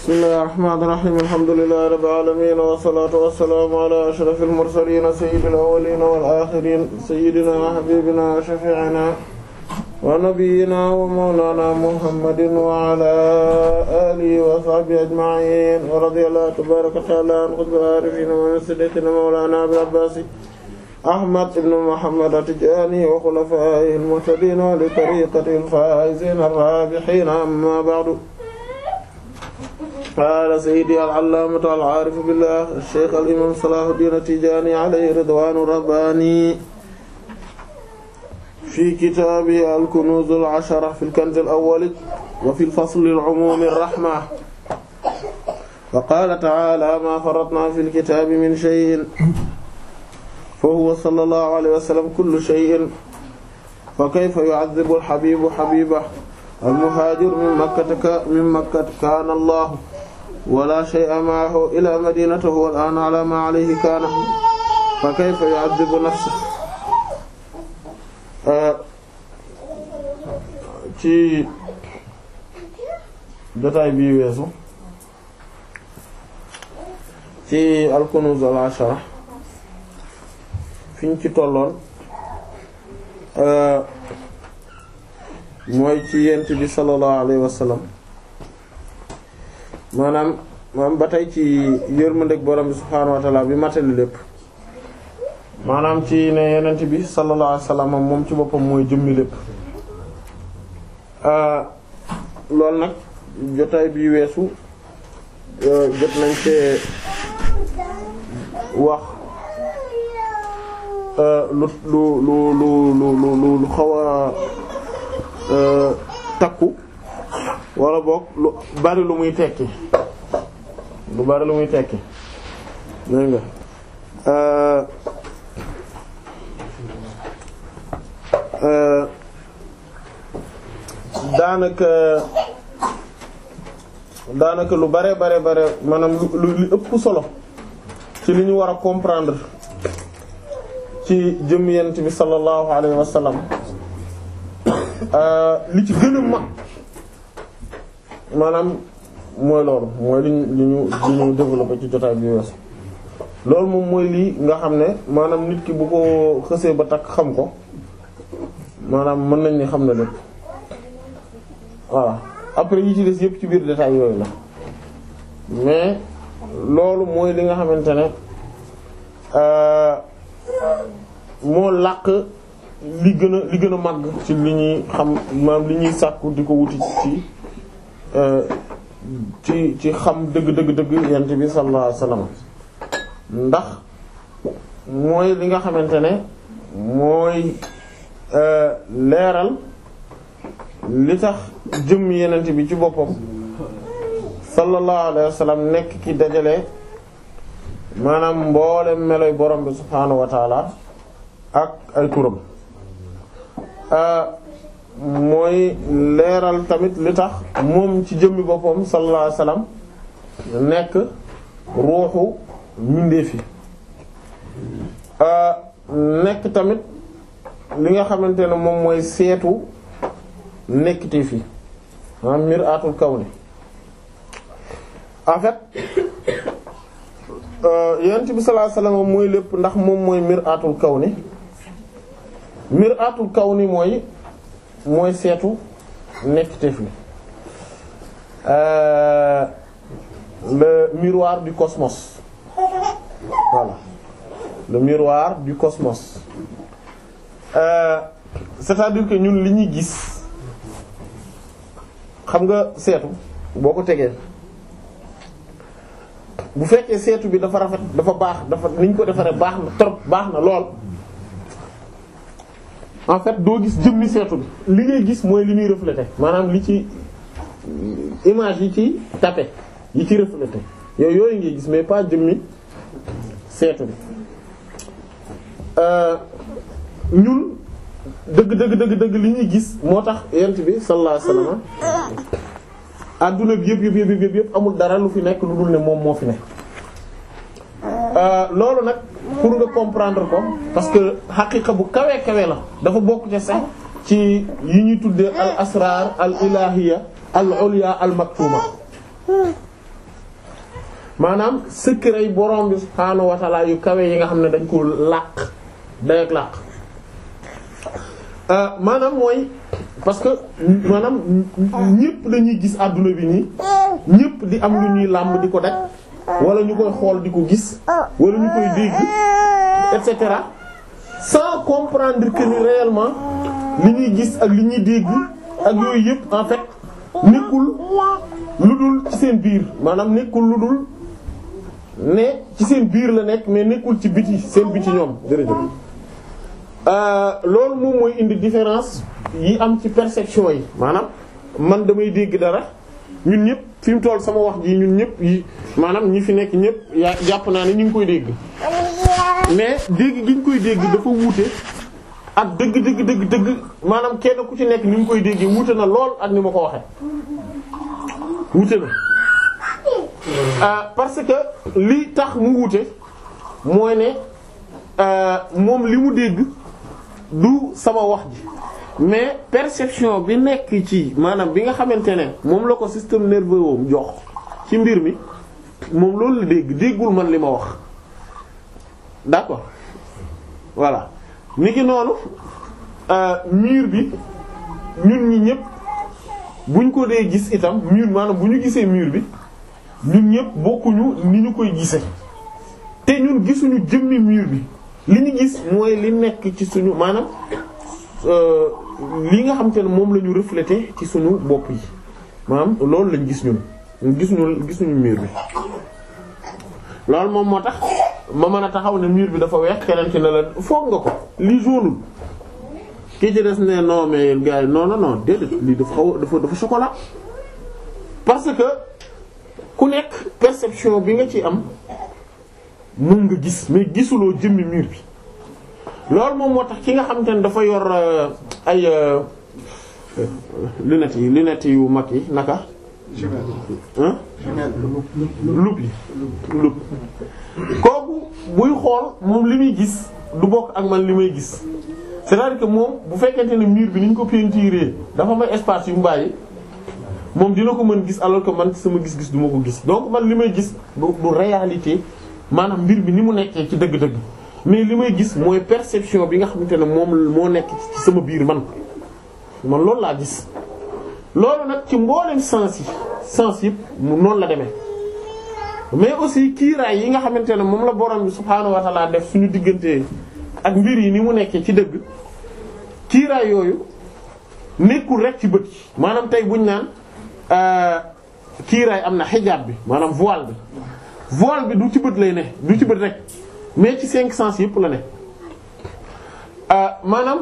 bismillaahi rahmaani rahiim alhamdulillaahi rabbil aalamiin wa salaatu wa salaamu alaa ashrafil mursaliin sayyidil awwaliin wal aaxiriin sayyidinaa wa habiibinaa wa shafii'inaa wa nabiyyinaa wa mawlaanaa muhammadin wa alaa aalihi wa sahbihi ajma'iin wa radiyallaahu tabaaraka wa ta'aalaa an qutbil aarifiin wa an sayyidinaa mawlaanaa abil abbaas ahmad ibn muhammad at-tijaani wa xulafaa'ihil muhtadiin wa li tariiqatihil faa'iziin ar-raabihiin ammaa ba'du qaala sayyidi al-allaamatu al-aarifu billaah cheikh al-imaam Salaahudiin at-Tijaani alayhi ridwaanu rabbaani fi kitaabihi al-kunuuz al-ashara fil kanz al-awwal wa fil fasl al-umuum ar-rahma wa qaala ta'aalaa maa farratnaa fil kitaabi min shay'in fa huwa sallallaahu alayhi wa sallam kullu shay'in fa kayfa yu'adhibu al-habiibu habiibahu al-muhaajir min makkata min makkata kaana Allaahu ولا شيء معه إلى مدينته والآن على ما عليه كان فكيف يعذب نفسه ci jotaay bii weesu ci al-Kunûz al-'Asharah fi ñu ci tolloon euh, mooy ci yent bi sallallahu alayhi wa maanaam maanaam ba tey ci yërmandeeg borom bi subhaanahu wa bi matali lépp maanaam ci ne yenent bi sallallahu alayhi wa moom ci boppam mooy jëmmi lépp ah, loolu nag jotaay bi weesu euh, jot nañ cee wax euh, lu lu lu lu lu lu xaw a euh, takku wala boog lu bari lu muy tekki lu bari lu muy tekki dégg euh, euh, daanaka daanaka lu bare bari bare maanaam lu li ëpp solo ci li ñu war a comprendre ci jëm yent bi sallallahu alayhi wa euh, li ci gën a maanaam mooy loolu mooy li ñu li ñu développé ci jotaay bi wees loolu moom mooy lii nga xam ne maanaam nit ki bu ko xësee ba takk xam ko maanaam mën nañ ni xam na lépp waaw après yi ci des yëpp ci biir détail yooyu la mais loolu mooy li nga xamante ne euh, moo làq li gën a li gën a màgg ci li ñuy xam maanaam li ñuy sàkku di ko wuti ci Euh, ci ci xam dëgg dëgg dëgg yent bi sallallahu alayhi ndax mooy li nga xamante ne mooy euh, leeral li tax jëm yenent bi ci boppam sallallahu alayhi nekk ki dajale maanaam mboole meloy borom bi subhaanahu wa ak ay turam. Euh, mooy leeral tamit li tax moom ci jëmmi boppam sallallahu alayhi nekk ruuxu mbindeef yi euh, nekk tamit li nga xamante ne moom mooy seetu nekkite fi maanaam miraatul kawni en fait euh, yonent bi sallallahu alayhi wasallam mooy lépp ndax moom mooy miraatul kawni miraatul ni mooy mooy seetu nekk teef bi euh, le miroir du cosmos voilà le miroir du cosmos euh, c'est-à-dire que ñun li ñuy gis xam nga seetu boo ko tegee bu fekkee seetu bi dafa rafet dafa baax dafa ni ñu ko defaree baax na trop baax na lool en fait doo gis jëmmi seetu bi li ngay gis mooy li muy reflété maanaam li ci image yi ci tapé yi ci reflété yooyu yooyu ngay gis mais pas jëmmi seetu bi euh, ñun dëgg dëgg dëgg dëgg li ñuy gis moo tax yent bi sallallahu alayhi wasallam bi yëpp yëpp yëpp yëpp amul dara lu fi nekk lu dul ne moom moo fi nekk euh, loolu nag pour nga comprendre ko parce que xaqiqa bu kawe kawe la dafa bokk ci sax ci yu ñuy tuddee al asrar al ilahiya al ulya al maktuma maanaam secret yi borom bi subhaanahu wa yu kawe yi nga xam ne dañ ko làq dayeg làq euh, maanaam mooy parce que maanaam ñëpp dañuy gis àdduna bi nii ñëpp di am lu ñuy làmb di ko def wala ñu koy xool di ko gis wala ñu koy dégg et cetera sans comprendre que ni réellement li ñuy gis ak li ñuy dégg ak yooyu yëpp en fait nekkul lu dul ci seen biir maanaam nekkul lu dul ne ci seen biir la nekk mais nekkul ci biti seen biti ñoom jërëjëf euh, loolu moom mooy indi différence yi am ci perception yi maanaam man damay dégg dara. ñun ñëpp fi mu toll sama wax ji ñun ñëpp yi maanaam ñi fi nekk ñëpp yaa jàpp naa ne ñu ngi koy dégg mais dégg gi ñu koy dégg dafa wuute ak dëgg dëgg dëgg maanaam kenn ku ci nekk ni mu koy déggee wuute na lool ak ni ma ko waxee wuute na euh, parce que li tax mu wuute mooy ne euh, moom li mu dégg du sama wax ji mais perception bi nekk ci maanaam bi nga xamante ne moom la ko système nerveux woom jox ci mbir mi moom loolu la dégg déggul man li ma wax d'accord voilà ni ki noonu euh, miir bi ñun ñi ñëpp buñ ko dee gis itam mur maanaam bu ñu gisee miir bi ñu ñëpp bokkuñu ni ñu koy gisee te ñun gisuñu jëmmi miir bi li ñu gis mooy li nekk ci suñu maanam Euh, li nga xam te ne moom la ñu reflété ci suñu bopp yi maanaam loolu lañ gis ñun gis ñu gis ñu mur bi loolu moom moo tax ma mën a taxaw ne miir bi dafa weex keneen ci ne la foog nga ko lii jaune kii ci des ne non mais yéen gars yi non non non lii dafa xaw dafa dafa chocolat parce que ku nekk perception bi nga ci am mën nga gis mais gisuloo jëmmi miir bi. loolu moom moo tax ki nga xamante ne dafa yor euh, ay euh, lunettes yi lunettes yu mag yi naka. lup yi kooku buy xool moom li muy gis du bokk ak man li may gis cest à moom bu fekkente ne mur bi ni ñu ko peinturé dafa may espace yu mu bàyyi moom dina ko mën gis alors ko man sama gis-gis du ma ko gis donc man li may gis du réalité maanaam mbir bi ni mu nekkee ci dëgg-dëgg mais li may gis mooy perception bi nga xamante ne moom moo nekk ci sama biir man man loolu laa gis loolu nag ci mboolem sens yi sens mu noonu la demee mais aussi kiiraay yi nga xamante ne moom la borom bi subhaanahu wa ta'ala def suñu diggante ak mbir yi ni mu nekkee ci dëgg kiiraay yooyu nekkul rek ci bët yi maanaam tey buñ naan euh, kiiraay am na xijaab bi maanaam voile bi voile bi du ci bët lay ne du ci bët rek mais ci cinq sens yëpp la ne euh, maanaam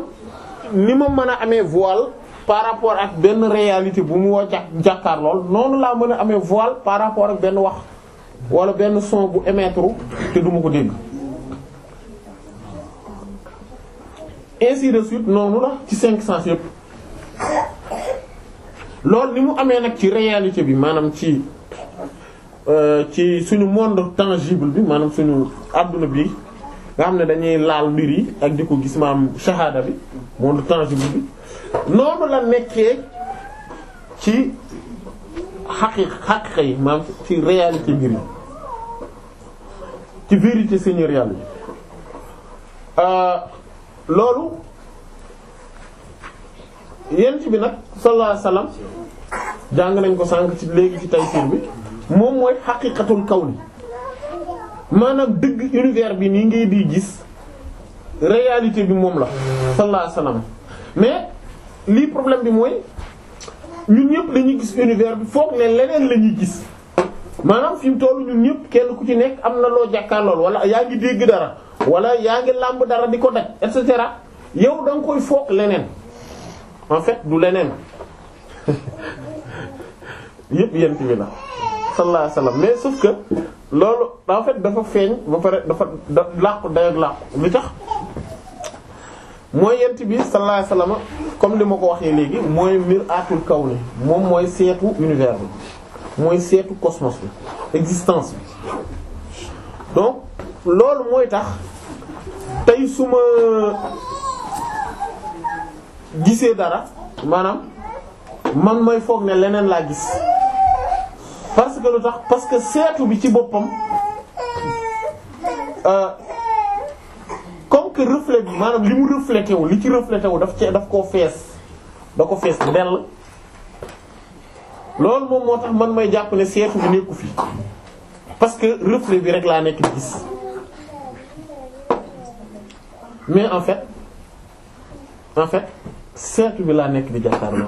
li ma mën a amee voile par rapport ak benn réalité bu mu woo jàkkaar lool noonu laa mën a amee voile par rapport ak benn wax wala benn son bu émettre te duma ko dégg ainsi de suite noonu la ci cinq sens yëpp loolu li mu amee nag ci réalité bi maanaam ci Euh, ci suñu monde tangible bi maanaam suñu àdduna bi nga xam ne dañuy laal mbir yi ak di ko gis maam shahada bi monde tangible bi noonu la nekkee ci xaqi xaqiqa yi maanaam ci réalité mbir yi ci vérité seigneuriale yi euh, loolu yent bi nag sallallahu alayhi wasallam jàng nañ ko sànq ci léegi ci Tayssîr bi moom mooy xaqiiqatul kawni maanaam dëgg univers bi nii ngay di gis réalité bi moom la sallallahu alayhi wasallam mais lii problème bi mooy ñun ñëpp dañuy gis univers bi foog ne leneen lañuy gis maanaam fi mu tollu ñun ñëpp kenn ku ci nekk am na loo jàkkaarlool wala yaa ngi dégg dara wala yaa ngi làmb dara di ko daj et cetera yow da nga koy foog leneen en fait du leneen yëpp yent bi la sallallahu alayhi wasallam mais sauf que loolu en fait dafa feeñ ba pare dafa da làqu day ak làqu li tax mooy yent bi sallallahu alayhi wasallam comme li ma ko waxee léegi mooy miir kaw kawni moom mooy seetu univers bi mooy seetu cosmos bi existence bi donc loolu mooy tax tey su ma gisee dara maanaam man mooy foog ne leneen laa gis parce que lu tax parce que seetu bi ci boppam euh, comme que reflet bi maanaam li mu reflété wu li ci reflété wu daf cee daf koo fees da ko fees dell loolu moom moo tax man may jàpp ne seetu bi nekku fi parce que reflet bi rek laa nekk di gis mais en fait en fait seetu bi laa nekk di jàkkaarloo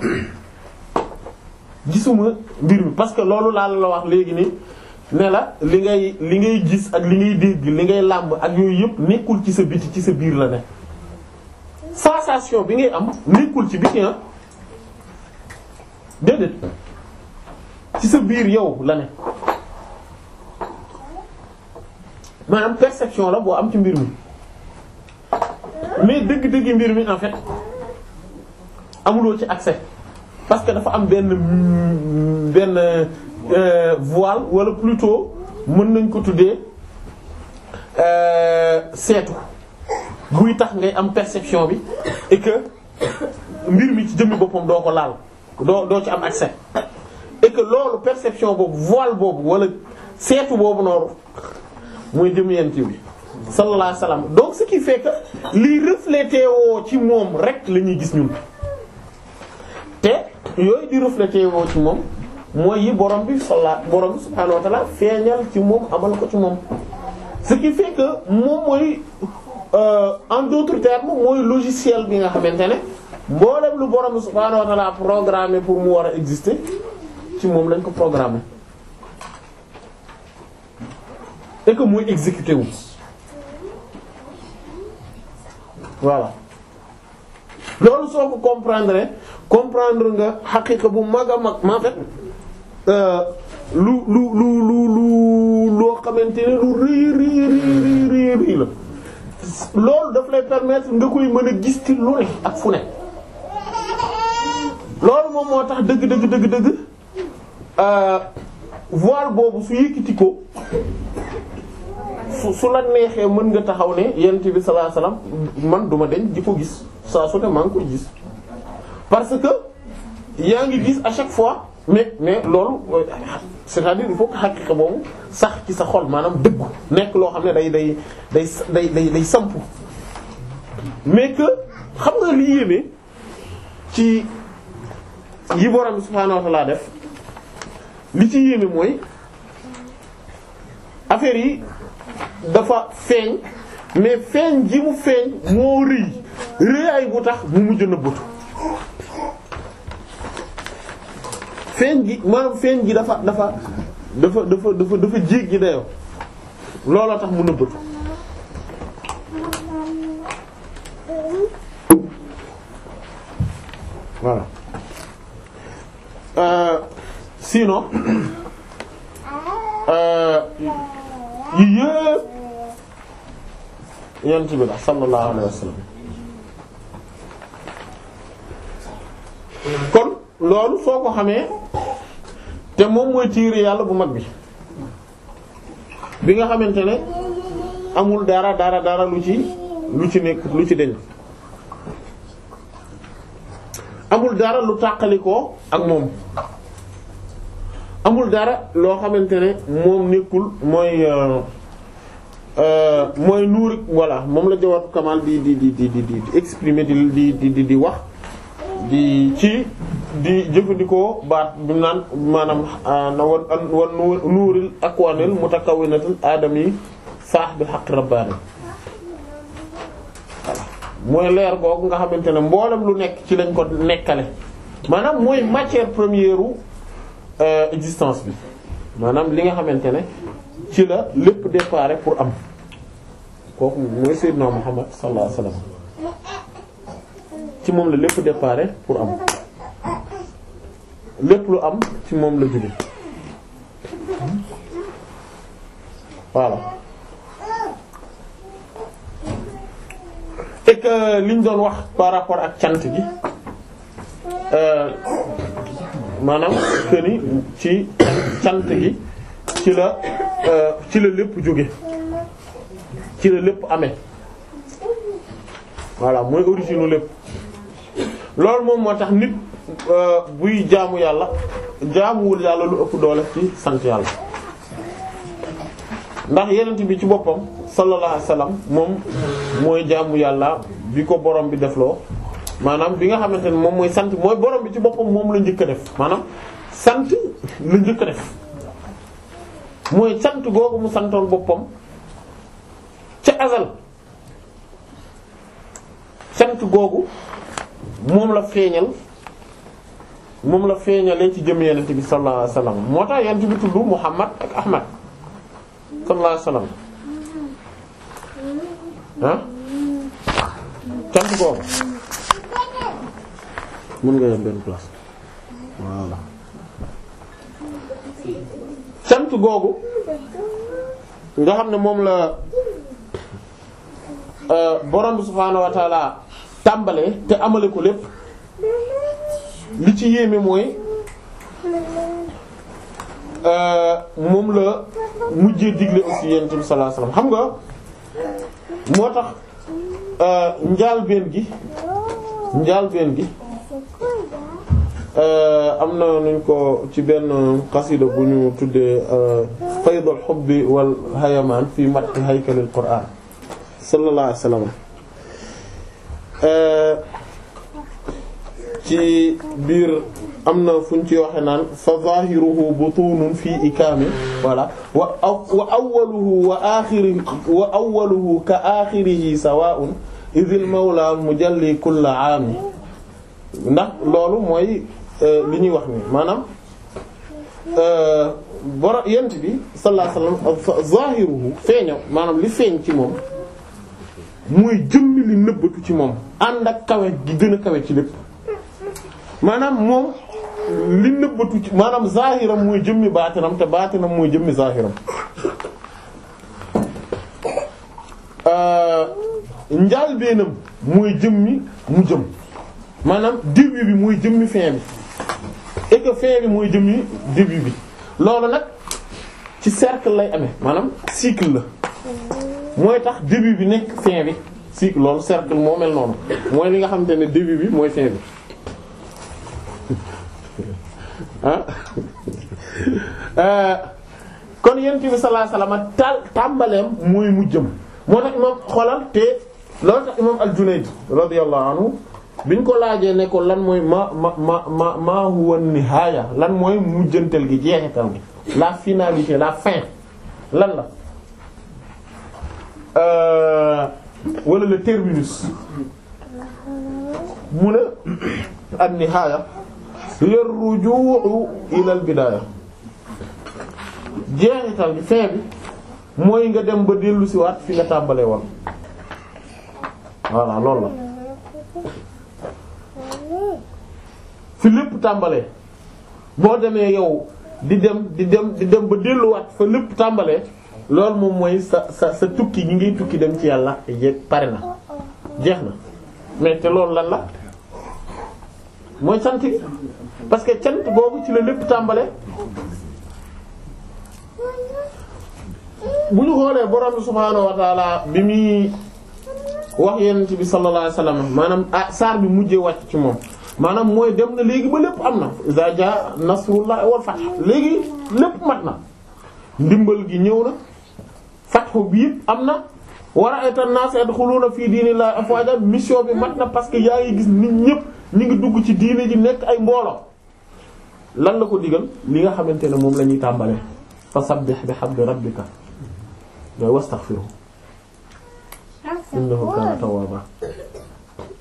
gisuma mbir mi parce que loolu laa la wax léegi nii ne la li ngay li ngay gis ak li ngay dégg li ngay làmb ak yooyu yëpp nekkul ci sa biti ci sa biir la ne sensation bi ngay am nekkul ci biti ah sa biir yow la ne maanaam perception la boo am ci mbir mi mais dëgg-dëgg mbir mi en fait amuloo ci accès parce que dafa am benn benn euh, voile wala plutôt mën nañ ko tuddee euh, seetu buy tax ngay am perception bi et que mbir mi ci jëmmi boppam doo ko laal doo doo ci am accès et loolu perception boobu voile boobu walla seetu boobu noonu mooy jëm yent bi sallallahu alayhi wasallam donc ce qui que liy reflété woo ci moom rek la ñuy gis ñun te yooyu di reflété woo ci moom mooy yi borom bi salla borom bi subhaanahu wa ta'ala feeñal ci moom amal ko ci moom ce qui fait moom mooy euh, en d'autres termes mooy logiciel bi nga xamante ne mboolem lu borom bi subhaanahu wa ta'ala pour mu war a exister ci moom lañ ko programmé et que muy exécuté loolu soo ko comprendre comprendre nga xaqiqa bu mag a mag en fait euh, lu lu lu lu lu loo xamante ne lu rëy rëy rëy rëy rëy la loolu daf lay permettre nga koy mën a gis ci lu ne ak fu ne loolu moom moo tax dëgg dëgg dëgg dëgg euh, voile boobu su yëkkati ko su su la neexee mën nga taxaw ne yonent bi sallallahu alayhi man duma deñ di ko gis saa su ne maa ngi koy gis parce que yaa ngi gis à chaque fois mais mais loolu c'est-à-dire il faut que boobu sax ci sa xol maanaam dëggu nekk loo xam ne day day day day day day sampu mais que xam nga li yéeme ci yi borom bi subhaanahu def li ci yéeme mooy affaire yi. dafa feeñ mais feeñ ji mu feeñ moo rëy rëyaay bu tax mu mujj nëbbatu feeñ gi maanaam feeñ gi dafa dafa dafa dafa dafa dafa jéggi dayoo looloo tax mu nëbbatu voilà euh, euh yii yëpp yent bi la sallallahu wa sallam kon loolu foo ko xamee te moom mooy tiiri yàlla bu mag bi bi nga xamante ne amul dara dara dara lu ci lu ci nekk lu ci deñ amul dara lu tàqalikoo ak moom amul dara loo xamante ne moom nekkul mooy euh, euh, mooy nuur voilà moom la jawaatu kamal di di di di di di exprimer di di di di wax di ci di jëfandikoo baat bi naan maanaam euh, na wan wan nuuril akwanil mutakawwinatil aadami saax bi xaq rabbaani mooy leer googu nga xamante ne mboolam lu nekk ci lañ ko nekkale maanaam mooy matière première wu Euh, existence bi maanaam li nga xamante ne ci la lépp départ pour am kooku mooy Seydina Muhammad sallallahu alayhi ci moom la lépp départ pour am lépp lu am ci moom la jóge voilà et que liñ doon wax par rapport ak cant gi euh, maanaam këni ci cant gi ci la euh, ci la lépp jóge ci la lépp ame voilà mooy origine lépp loolu moom moo tax nit euh, buy jaamu yàlla jaamuwul yàlla lu ëpp doole ci sant yàlla ndax yenent bi ci boppam sallallahu alayhi wasallam moom mooy jaamu yàlla bi ko borom bi def loo maanaam bi nga xamante ne moom mooy sant mooy borom bi ci boppam moom la njëkk def maanaam sant la njëkk def mooy sant googu mu santoon boppam ca sant googu moom la feeñal moom la feeñalee ci jëm yenent bi sallallahu alayhi wasallam moo tax yenent bi tudd Muhammad ak Ahmad sallallahu alayhi wasallam ah sant googu mën nga yem benn place voilà cant googu nga xam ne moom la euh, borom bi subhaanahu tàmbalee te amale ko lépp li ci yéeme mooy euh, moom la mujjee digle aussi yonent bi sallallahu alayhi xam nga moo tax euh, njaalbeen gi njaalbeen gi Euh, am na nuñ ko ci benn xasida bu ñu tuddee euh, faydul xubbi wal hayamaan fi matti haykalil qur'aan sallallahu alayhi wa sallam euh, ci biir am na fu ñu ci waxe naan fa zahiruhu butunun fi ikami wala wa wa awwaluhu wa akhiri wa awwaluhu ka akhirihi sawa'un idh al mawla mujalli kull 'ami ndax loolu mooy euh, li ñuy wax ni maanaam euh, boro yent bi sallallahu alayhi wasallam zahiruhu maanaam li feeñ ci moom muy jëmmi li nëbbatu ci moom ànd ak kawe gi gën a kawe ci lépp maanaam moom li nëbbatu ci maanaam zahiram muy jëmmi baatinam te baatinam mooy jëmmi zahiram euh, njaalbeenam muy jëmmi mu jëm maanaam début bi mooy jëmmi fin bi et que bi mooy jëmmi début bi loolu nag ci cercle lay amee maanaam cycle la mooy tax début bi nekk fin bi cycle loolu cercle moo mel noonu mooy li nga xamante ne début bi mooy fin bi ah euh, kon yent bi sallallahu alayhi wasallam tal tàmbaleem mooy mu jëm moo tax imam xoolal te loolu tax imam al-Junayd radiyallahu biñ ko laajee ne ko lan mooy ma ma ma ma ma huwa nihaaya lan mooy mujjantal gi jeexital gi la finalité la fin lan la euh, wala le terminus mu ne an nihaaya lir ruju'u ila al bidaaya jeexital gi fin bi mooy nga dem ba dellu si waat fi nga tàmbalee woon voilà loolu la fi lépp tàmbalee boo demee yow di dem di dem di dem ba delluwaat fa lépp tàmbalee loolu moom mooy sa sa sa tukki gi ngay tukki dem ci yàlla yéeg pare na jeex na mais te loolu lan la mooy cant gi parce que cant boobu ci la lépp tàmbalee bu ñu xoolee borom subhaanahu bi muy wax ti bi sallallahu alayhi wasallam maanaam ah saar bi mujjee wàcc ci moom. maanaam mooy dem na léegi ba lépp am na iza jaa nasrullahi fat fath léegi lépp mat na ndimbal gi ñëw na fathu bi yëpp am na wa ra'ayta an-naasa yadkhuluuna fii diinillahi afwaaja mission bi mat na parce que yaa ngi gis nit ñëpp ñu ngi dugg ci diine di nekk ay mbooloo lan la ko digal li nga xamante ne moom la ñuy tàmbalee fasabbih bihamdi rabbika ngay wastaghfiru innahu kaana tawwaaba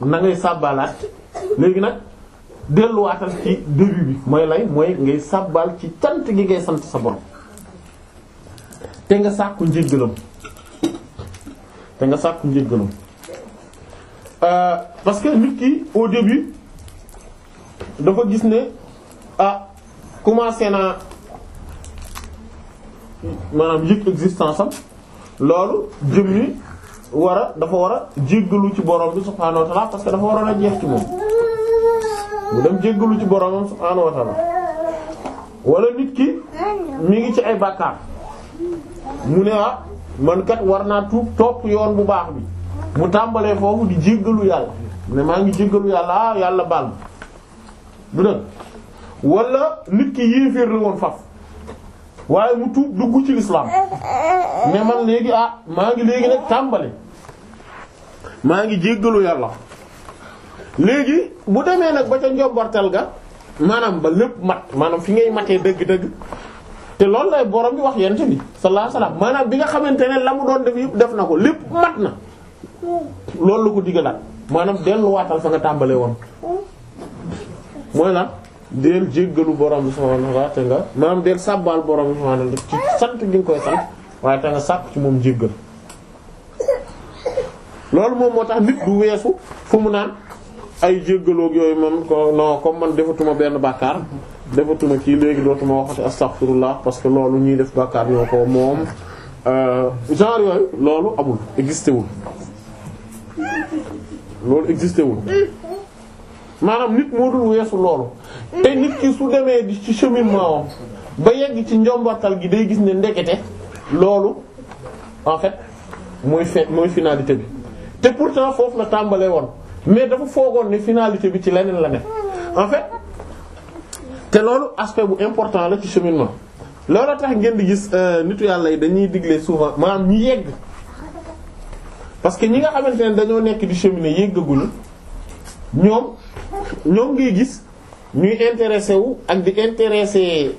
na ngay sàbbalaat léegi nag delluwaatal ci début bi mooy lay mooy ngay sàbbaal ci cant gi ngay sant sa borom te nga sàkku njéggalam te nga sàkku njéggalam euh, parce que nit ki au début dafa gis ne ah commencé na maanaam yëg existence am loolu jëm war a dafa war a jéggalu ci borom bi subhaanahu wa ta'ala parce que dafa waroon a jeex ki moom mu dem jéggalu ci boromam subhaanahu wa ta'ala wala nit ki mi ngi ci ay bàkkaar mu ne ah man kat war naa tuub topp yoon bu baax bi mu tàmbalee foofu di jéggalu yàlla ne maa ngi jéggalu yàlla ah yàlla baal ma du nag wala nit ki yéeféer la woon faf waaye mu tuub dugg ci lislaam mais man léegi ah maa ngi léegi nag tàmbali maa ngi jéggalu yàlla léegi bu demee nag ba ca njombortal ga maanaam ba lépp mat maanaam fi ngay matee dëgg-dëgg te loolu lay borom bi wax yent bi sallallahu alayhi maanaam bi nga xamante ne la mu doon def yëpp def na ko lépp mat na loolu la ko digalaat maanaam delluwaatal fa nga tàmbalee woon mooy lan deel jéggalu borom bi subhaanahu wa ta'ala te nga maanaam deel sàbbaal borom bi subhaanahu wa ta'ala sant gi nga koy sant waaye te sàkk ci moom jéggal loolu moom moo tax nit du weesu fu mu naan ay jéggaloog yooyu man ko non man defatuma benn bàkkaar defatuma kii léegi dootuma waxati astaghfirullah parce que loolu ñuy def bàkkaar ñoo ko euh, loolu amul existé wul loolu existé wul maanaam weesu loolu te nit ki su demee di ci cheminement am ba yegg ci njombatal gi day gis ne ndekete loolu en fait mooy fin mooy finalité bi te pourtant foofu na tàmbale woon mais dafa foogoon ne finalité bi ci leneen la ne en fait te loolu aspect bu important la ci cheminement loolu tax ngeen di gis euh, nitu yàlla yi dañuy digle souvent maanaam ñi yegg parce que ñi nga xamante ne dañoo nekk di cheminer yeggaguñu ñoom ñoom ngay gis ñuy intéressé wu ak di intéressé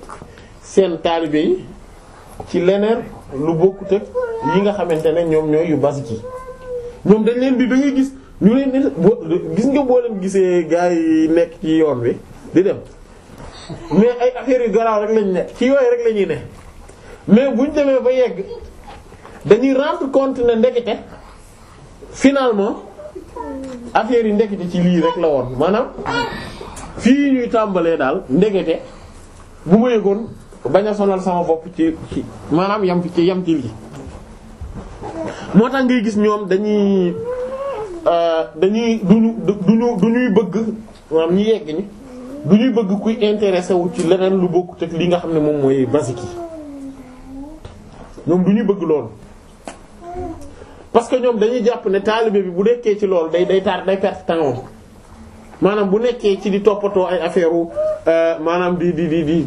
seen taalibe yi ci leneen lu bokkut ak yi nga xamante ne ñoom ñooy yu basique yi ñoom dañ leen di da ngay gis ñu leen di gis nga boo leen gisee gars yi nekk ci yoon wi di dem mais ay affaires yu garaaw rek lañ ne ci yooyu rek la ñuy ne mais buñ demee ba yegg dañuy rendre compte ne ndekete finalement affaires yi ndekete ci lii rek la woon maanaam. fii ñuy tàmbalee daal ndegete bu ma yëgoon bañ a sonal sama bopp ci ci maanaam yam ci yam ci lii moo tax ngay gis ñoom dañuy euh, dañuy duñu duñu ñuy bëgg maanaam ñi yegg ñi du ñuy bëgg kuy intéressé wu ci leneen lu bokkut ak li nga xam ne moom mooy basique yi ñoom du ñuy bëgg loolu parce que ñoom dañuy jàpp ne taalibe bi bu dekkee ci loolu day day tar day perte temps maanaam bu nekkee ci di toppatoo ay affaire u euh, maanaam di di di di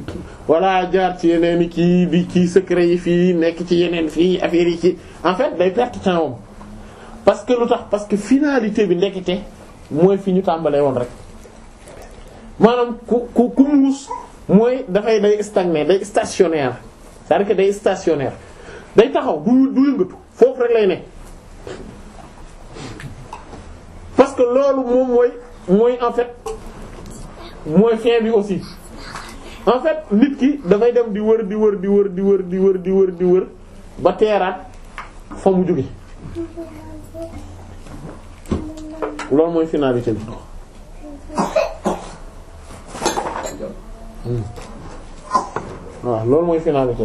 walla jaar ci yeneen kii di yi fii nekk ci yeneen fii affaire yi ci en fait day perte temps am parce que lu tax parce que finalité bi ndekete mooy fi ñu tàmbalee woon rek maanaam ku ku ku muus mooy dafay day stagné day stationnaire c'est-à-dire day stationnaire day taxaw du yëngatu foofu rek lay ne parce que loolu moom mooy. mooy en fait mooy fin aussi en fait nit ki dafay dem di wër di wër di wër di wër di wër di wër di wër ba teeraat fa mu jóge loolu mooy finalité bi hmm. waaw bi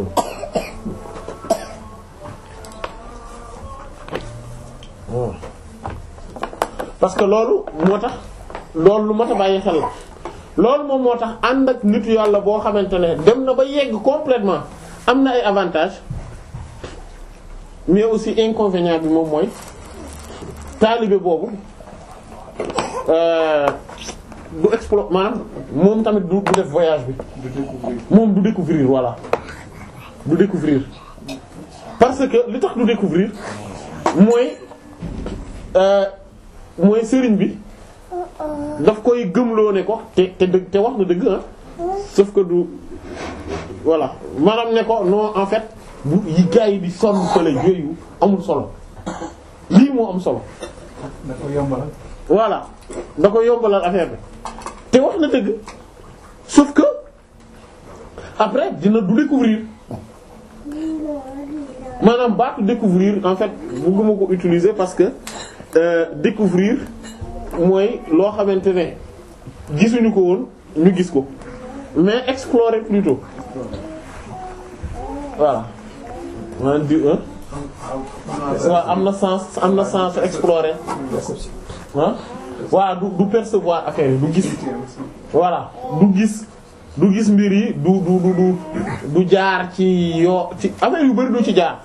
hmm. parce que loolu moo tax loolu lu mat bàyyi xel la loolu moom moo tax ànd ak nitu yàlla boo xamante ne dem na ba yegg complètement am na ay avantage mais aussi inconvénient bi moom mooy taalibe boobu euh, du explo maanaam moom tamit du def voyage bi. moom du découvrir voilà du découvrir parce que li tax du découvrir mooy euh, mooy sëriñ bi. daf koy gëmloo ne ko te te te wax na dëgg ah sauf que du voilà maanaam ne ko non en fait bu yi gars di sonn fële yooyu amul solo lii moo am solo. da ko yombalal. da ko yombalal affaire bi te wax na dëgg sauf que après dina du découvrir maanaam baatu découvrir en fait bëgguma ko utiliser parce que euh, découvrir mooy loo xamante ne gisuñu ko woon ñu gis ko mais explorer plutôt voilà maanaam di am na sens am na sens explorer ah du du percevoir affaire yi du gis voilà du gis du gis mbir yi du du du du du jaar ci yoo ci affaire yu bari du ci jaar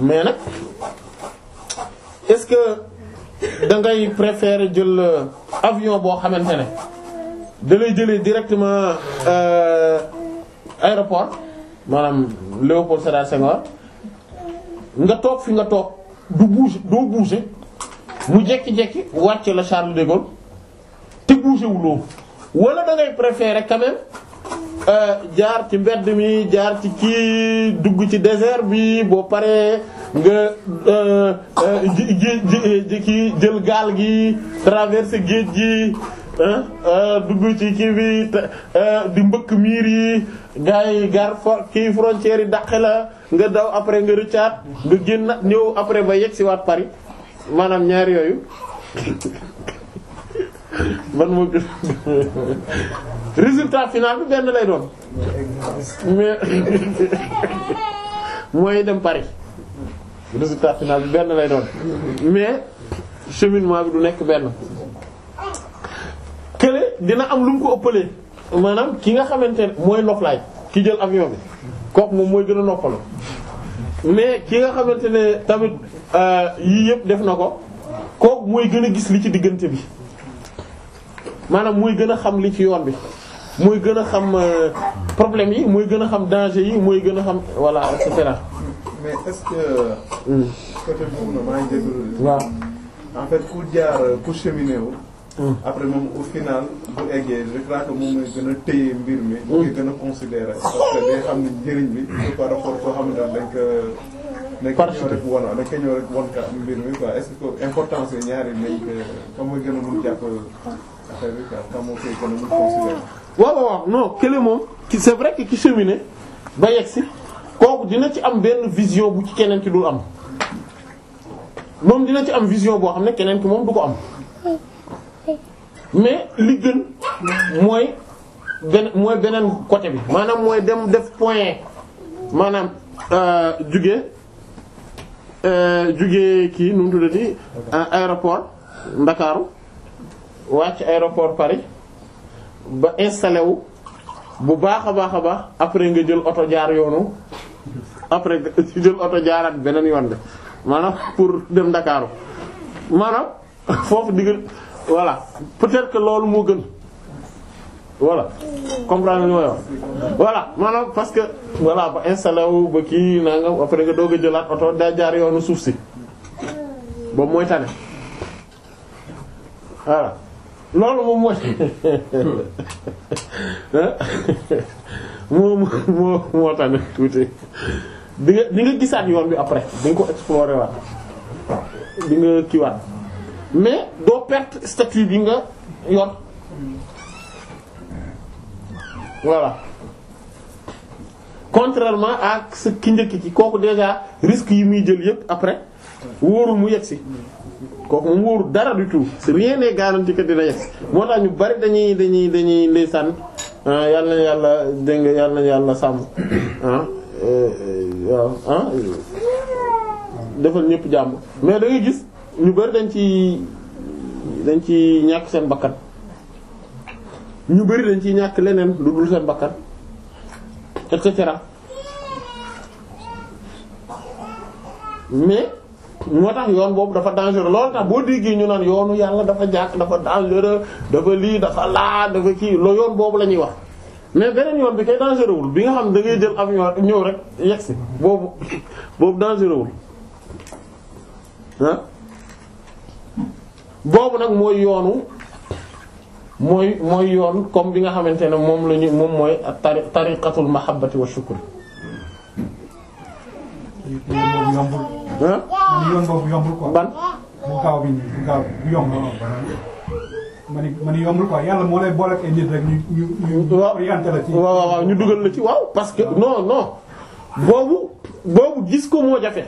mais nag est-ce que da ngay préférer jël euh, avion boo xamante ne da jëlee directement euh, aéroport maanaam Léopold Sédar Senghor nga toog fi nga toog du bouger doo bouger mu jekki-jekki wàcce la Charles de Gaulle te bouger wu loo wala da ngay préférer quand même euh, jaar ci mbedd mi jaar ci kii dugg ci désert bi boo paree. nga euh, euh, ji kii jël gaal gi traverser géej gi euh, dugg ci kii di mbëkk miir yi gars yi gar kii frontière yi dàq la nga daw après nga rëccaat nga génn ñëw après ba yegg si waat Paris maanaam ñaar yooyu man moo gën résultat final bi benn lay doon mais mooy dem Paris résultat final bi benn lay doon mais cheminement bi du nekk benn kële dina am lu mu ko ëppalee maanaam ki nga xamante ne mooy noflaay ki jël avion bi kook moom mooy gën a noppalu mais ki nga xamante ne tamit euh, yii yëpp def na ko kook mooy gën a gis li ci diggante bi maanaam mooy gën a xam li ci yoon bi mooy gën a xam euh, problème yi mooy gën a xam danger yi mooy gën a xam voilà et cetera mais est-ce que. Hmm. côté boobu maa ngi jégalu. waaw en fait ku jaar ku cheminer wu. Hmm. après moom au final bu eggee je crois que moom mooy gën a téye mbir mi. bu hmm. gën a considérer parce que day xam njëriñ bi. par rapport koo xam ne daal dañ ko. participer nekk ñëw rek woon nekk ñëw rek woon ka mbir mi quoi est que importance bi ñaari nañ ko mooy gën a mun jàpp affaire bi quoi comme moo koy gën a mun considérer. waaw waaw non kële moom c'est vrai que ki cheminer kooku dina ci am benn vision bu ci keneen ci dul am moom dina ci am vision boo xam ne keneen ki moom du ko am mais li gën mooy benn mooy beneen côté bi maanaam mooy dem def point maanaam jugee euh, jugee euh, kii nu mu tuddati euh, aéroport Ndakaaru wàcc aéroport Paris ba installé wu bu baax a baax a baax après nga jël oto jaar yoonu après jël oto jaaraat beneen yoon bi maanaam pour dem Ndakaaru maanaam foofu digg voilà peut-être que loolu moo gën voilà comprendre li may wax voilà maanaam parce que voilà ba installé wu ba kii naa nga après nga doog a jëlaat oto daa jaar yoonu suuf si boobu mooy tane loolu moom mooy moo moo moo tax nag tuuti di nga gisaat yoon bi après di ko explorer waat di kiiwaat mais doo perte statut bi nga yoon voilà contrairement ak sa ki njëkk ci kooku déjà risque yi muy jël yépp après wóorul mu si kooku mu wóorul dara du tout rien n'est garanti que dina yegsi moo tax ñu bari dañuy dañuy dañuy ndeysaan Ah, yàlla na yàlla dégg nga yàlla na yàlla sàmm ah eh, eh, waaw ah defal ñëpp jàmb mais da gis ñu bari dañ ci dañ ci ñàkk seen bakkan ñu bari dañ ci ñàkk leneen lu dul seen bakkan et cetera mais moo tax yoon boobu dafa dangereux loolu tax boo déggee ñu naan yoonu yàlla dafa jàkk dafa dangereux dafa lii dafa laa dafa kii loo yoon boobu la ñuy wax mais beneen yoon bi kay dangereux wul bi nga xam da ngay jël avion ñëw rek yegsi boobu boobu dangereux wul ah boobu nag mooy yoonu mooy mooy yoon comme bi nga xamante ne moom la moom mooy tari tariqatul mahabbati wa shukr ah. yoon boobu ban bu gaaw bi nii yomb ma ni ma ni yombul quoi yàlla moo lay boole ak ay rek ñu ñu ñu. waaw waaw waaw ñu dugal la ci waaw parce que no non boobu boobu gis ko moo jafe.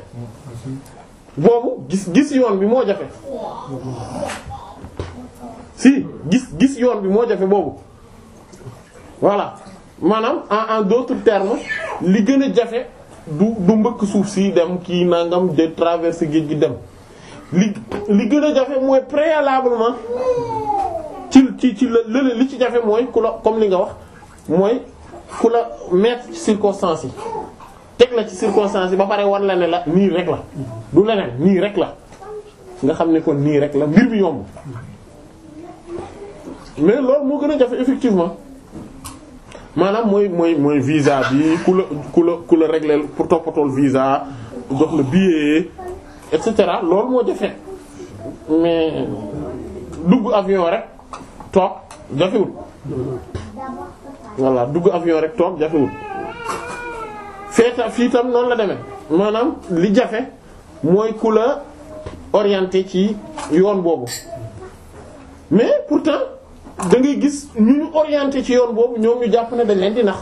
boobu gis gis yoon bi moo jafe. si gis gis yoon bi moo jafe boobu voilà maanaam en en d'autres termes li gën a jafe. du du mbëkk suuf si dem kii nangam de traverser géej gi dem li li gën a jafe mooy préalablement ci ci ci lële li ci jafe mooy ku la comme li nga wax mooy ku la mettre ci circonstances yi teg la ci circonstances yi ba pare war la ne la nii rek la du leneen nii rek la nga xam ne kon nii rek la mbir bi yomb mais loolu moo gën a jafe effectivement maanaam mooy mooy mooy visa bi ku la ku la ku la régler pour toppatool visa jox la billet et cetera loolu moo jafe mais dugg avion rek toog jafewul voilà dugg avion rek toog jafewul feeta fii tam noonu la deme maanaam li jafe mooy ku la orienté ci yoon boobu mais pourtant da ngay gis ñu ñu orienté ci yoon boobu ñoom ñu jàpp ne dañ leen di nax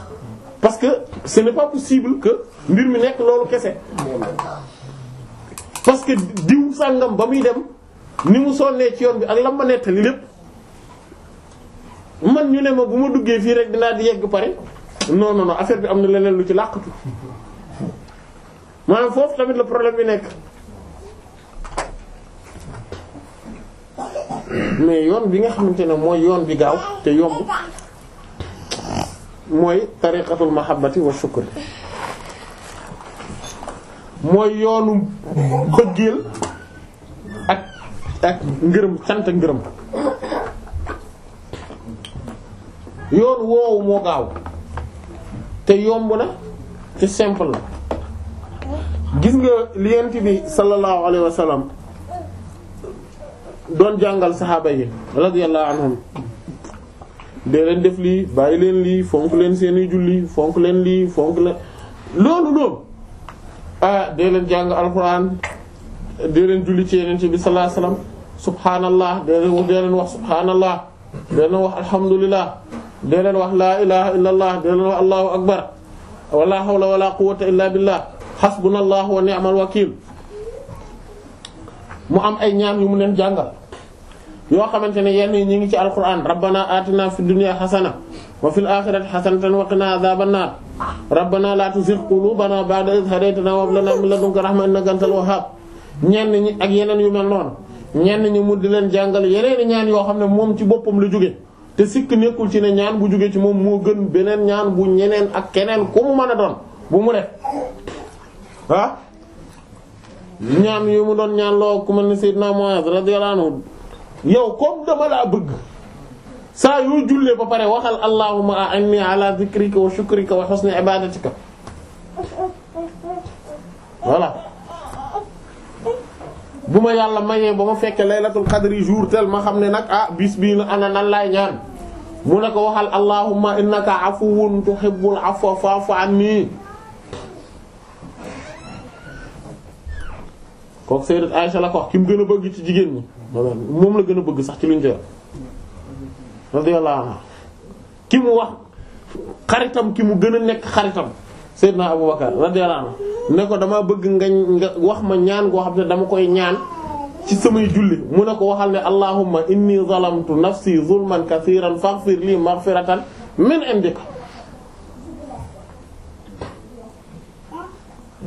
parce que ce n'est pas possible que mbir mi nekk loolu kese parce que diw sàngam ba muy dem ni mu sonnee ci yoon bi ak lam ma nettali lépp man ñu ne ma bu ma duggee fii rek dinaa di yegg pare non non non affaire bi am na leneen lu ci làqatu maanaam foofu tamit la problème bi nekk mais yoon bi nga xamante ne mooy yoon bi gaaw te yomb mooy tariqatul mahabbati wa shukr mooy yoonu bëggeel ak ak ngërëm sant ngërëm yoon woowu moo gaaw te yomb na te simple la gis nga li bi sallallahu alayhi wa doon jàngal saxaaba yi radiyallahu anhum dee leen def lii bàyyi leen lii fonk leen seeni julli fonk leen lii fonk leen loolu loolu ah dee leen jàng alxuraan dee leen julli ci yeneen ci bi sallallahu leen wax subhaanallah dee leen wax alhamdulillah dee wax laa ilaha illa allah wax allahu akbar wala hawla wala quwwata illa billah hasbunallahu wa ni'mal wakiil mu am ay ñaan yu mu leen jàngal yoo xamante ne yenn ñi ngi ci alquran rabbana atina fid dunya hasana wa fil akhirati hasanatan wa qina adhaban nar rabbana la tuzigh qulubana ba'da idh hadaytana wa hab lana la ladunka rahmatan innaka antal wahhab ñenn ñi ak yeneen yu mel noonu ñenn ñi mu di leen jàngal yeneen ñaan yoo xam ne moom ci boppam la jóge te sikk nekkul ci ne ñaan bu jóge ci moom moo gën beneen ñaan bu ñeneen ak keneen ku mu mën a doon bu mu def ñaan yu mu doon ñaan loo ku mel ni Seydina Muaz radiyallahu anhu yow comme dama laa bëgg saa yoo jullee ba pare waxal allahumma a'inni ala dhikrika wa shukrika wa husni ibadatika voilà bu ma yàlla mayee ba ma fekkee laylatul qadri jour tel ma xam ne nag ah bis bii na ana nan laay ñaan mu ne ko waxal allahumma innaka afuwun tuhibbul afwa fa'fu anni kooku Sayyidat Aisha la ko wax ki mu gën a bëgg ci jigéen ñi moom la gën a bëgg sax ci luñ jël radiyallahu anha ki mu wax xaritam ki mu gën a nekk xaritam Seydina Abu Bakar radiyallahu anhu ne ko dama bëgg nga nga wax ma ñaan goo xam ne dama koy ñaan ci samay julli mu ne ko waxal ne allahumma inni zalamtu nafsi zulman kathiran faghfir li maghfiratan min indika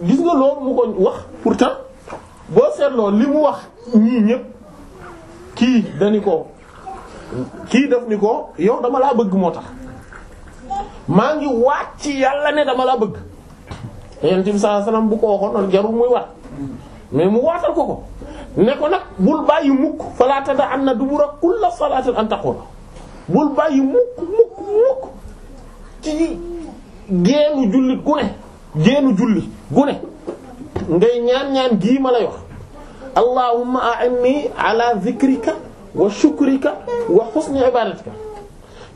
gis nga loolu mu ko wax pourtant boo seetloo li mu wax ñii ñëpp kii dañu ko kii daf ni ko yow dama laa bëgg moo tax maa ngi waat ci yàlla ne dama laa bëgg yonent bi sallallahu bu ko waxoon jarul muy waat mais mu waatal ko ko ne ko nag bul bàyyi mukk fala tada'anna dubura kulli salatin an taqula bul bàyyi mukk mukk mukk ci génnu jullit gu ne julli gu ngay ñaan ñaan gii ma lay wax allahumma a'inni ala zikrika wa shukrika wa husni ibadatika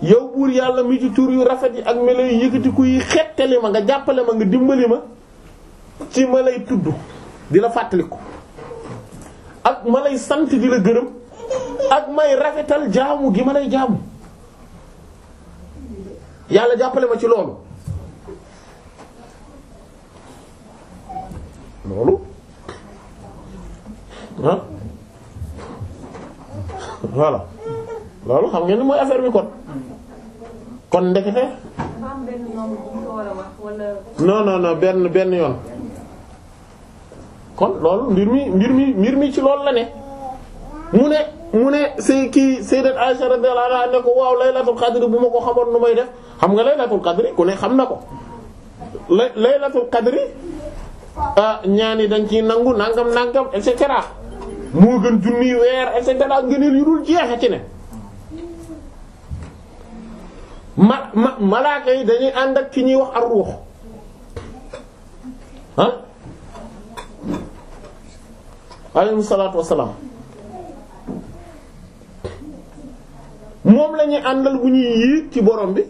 yow buur yàlla mi ci tur yu rafet yi ak melo yu yëkkatiku yi xettali ma nga jàppale ma nga dimbali ma ci ma lay tudd di fàttaliku ak ma lay sant di la gërëm ak may rafetal jaamu gi ma lay jaamu yàlla jàppale ma ci loolu loolu ah voilà loolu xam ngeen ni mooy affaire bi kon kon ndekete non non non benn benn yoon kon loolu mbir mi mbir mi mbir mi ci loolu la ne mu ne mu ne say kii sayyidat Aisha radiyallahu anha ne ko waaw laylatul qadr bu ma ko xamoon nu may def xam nga laylatul qadr ku ne xam na ko lay laylatul qadr Ah, ñaan yi dañ ciy nangu nangam nangam et cetera moo gën junniy weer et cetera ngëneel yu dul jeexe ci ne ma ma malaaka yi dañuy ànd ak ki ñuy wax ak ruux ah alayhi salaatu wassalaam moom lañuy ñuy àndal bu ñuy yéeg ci borom bi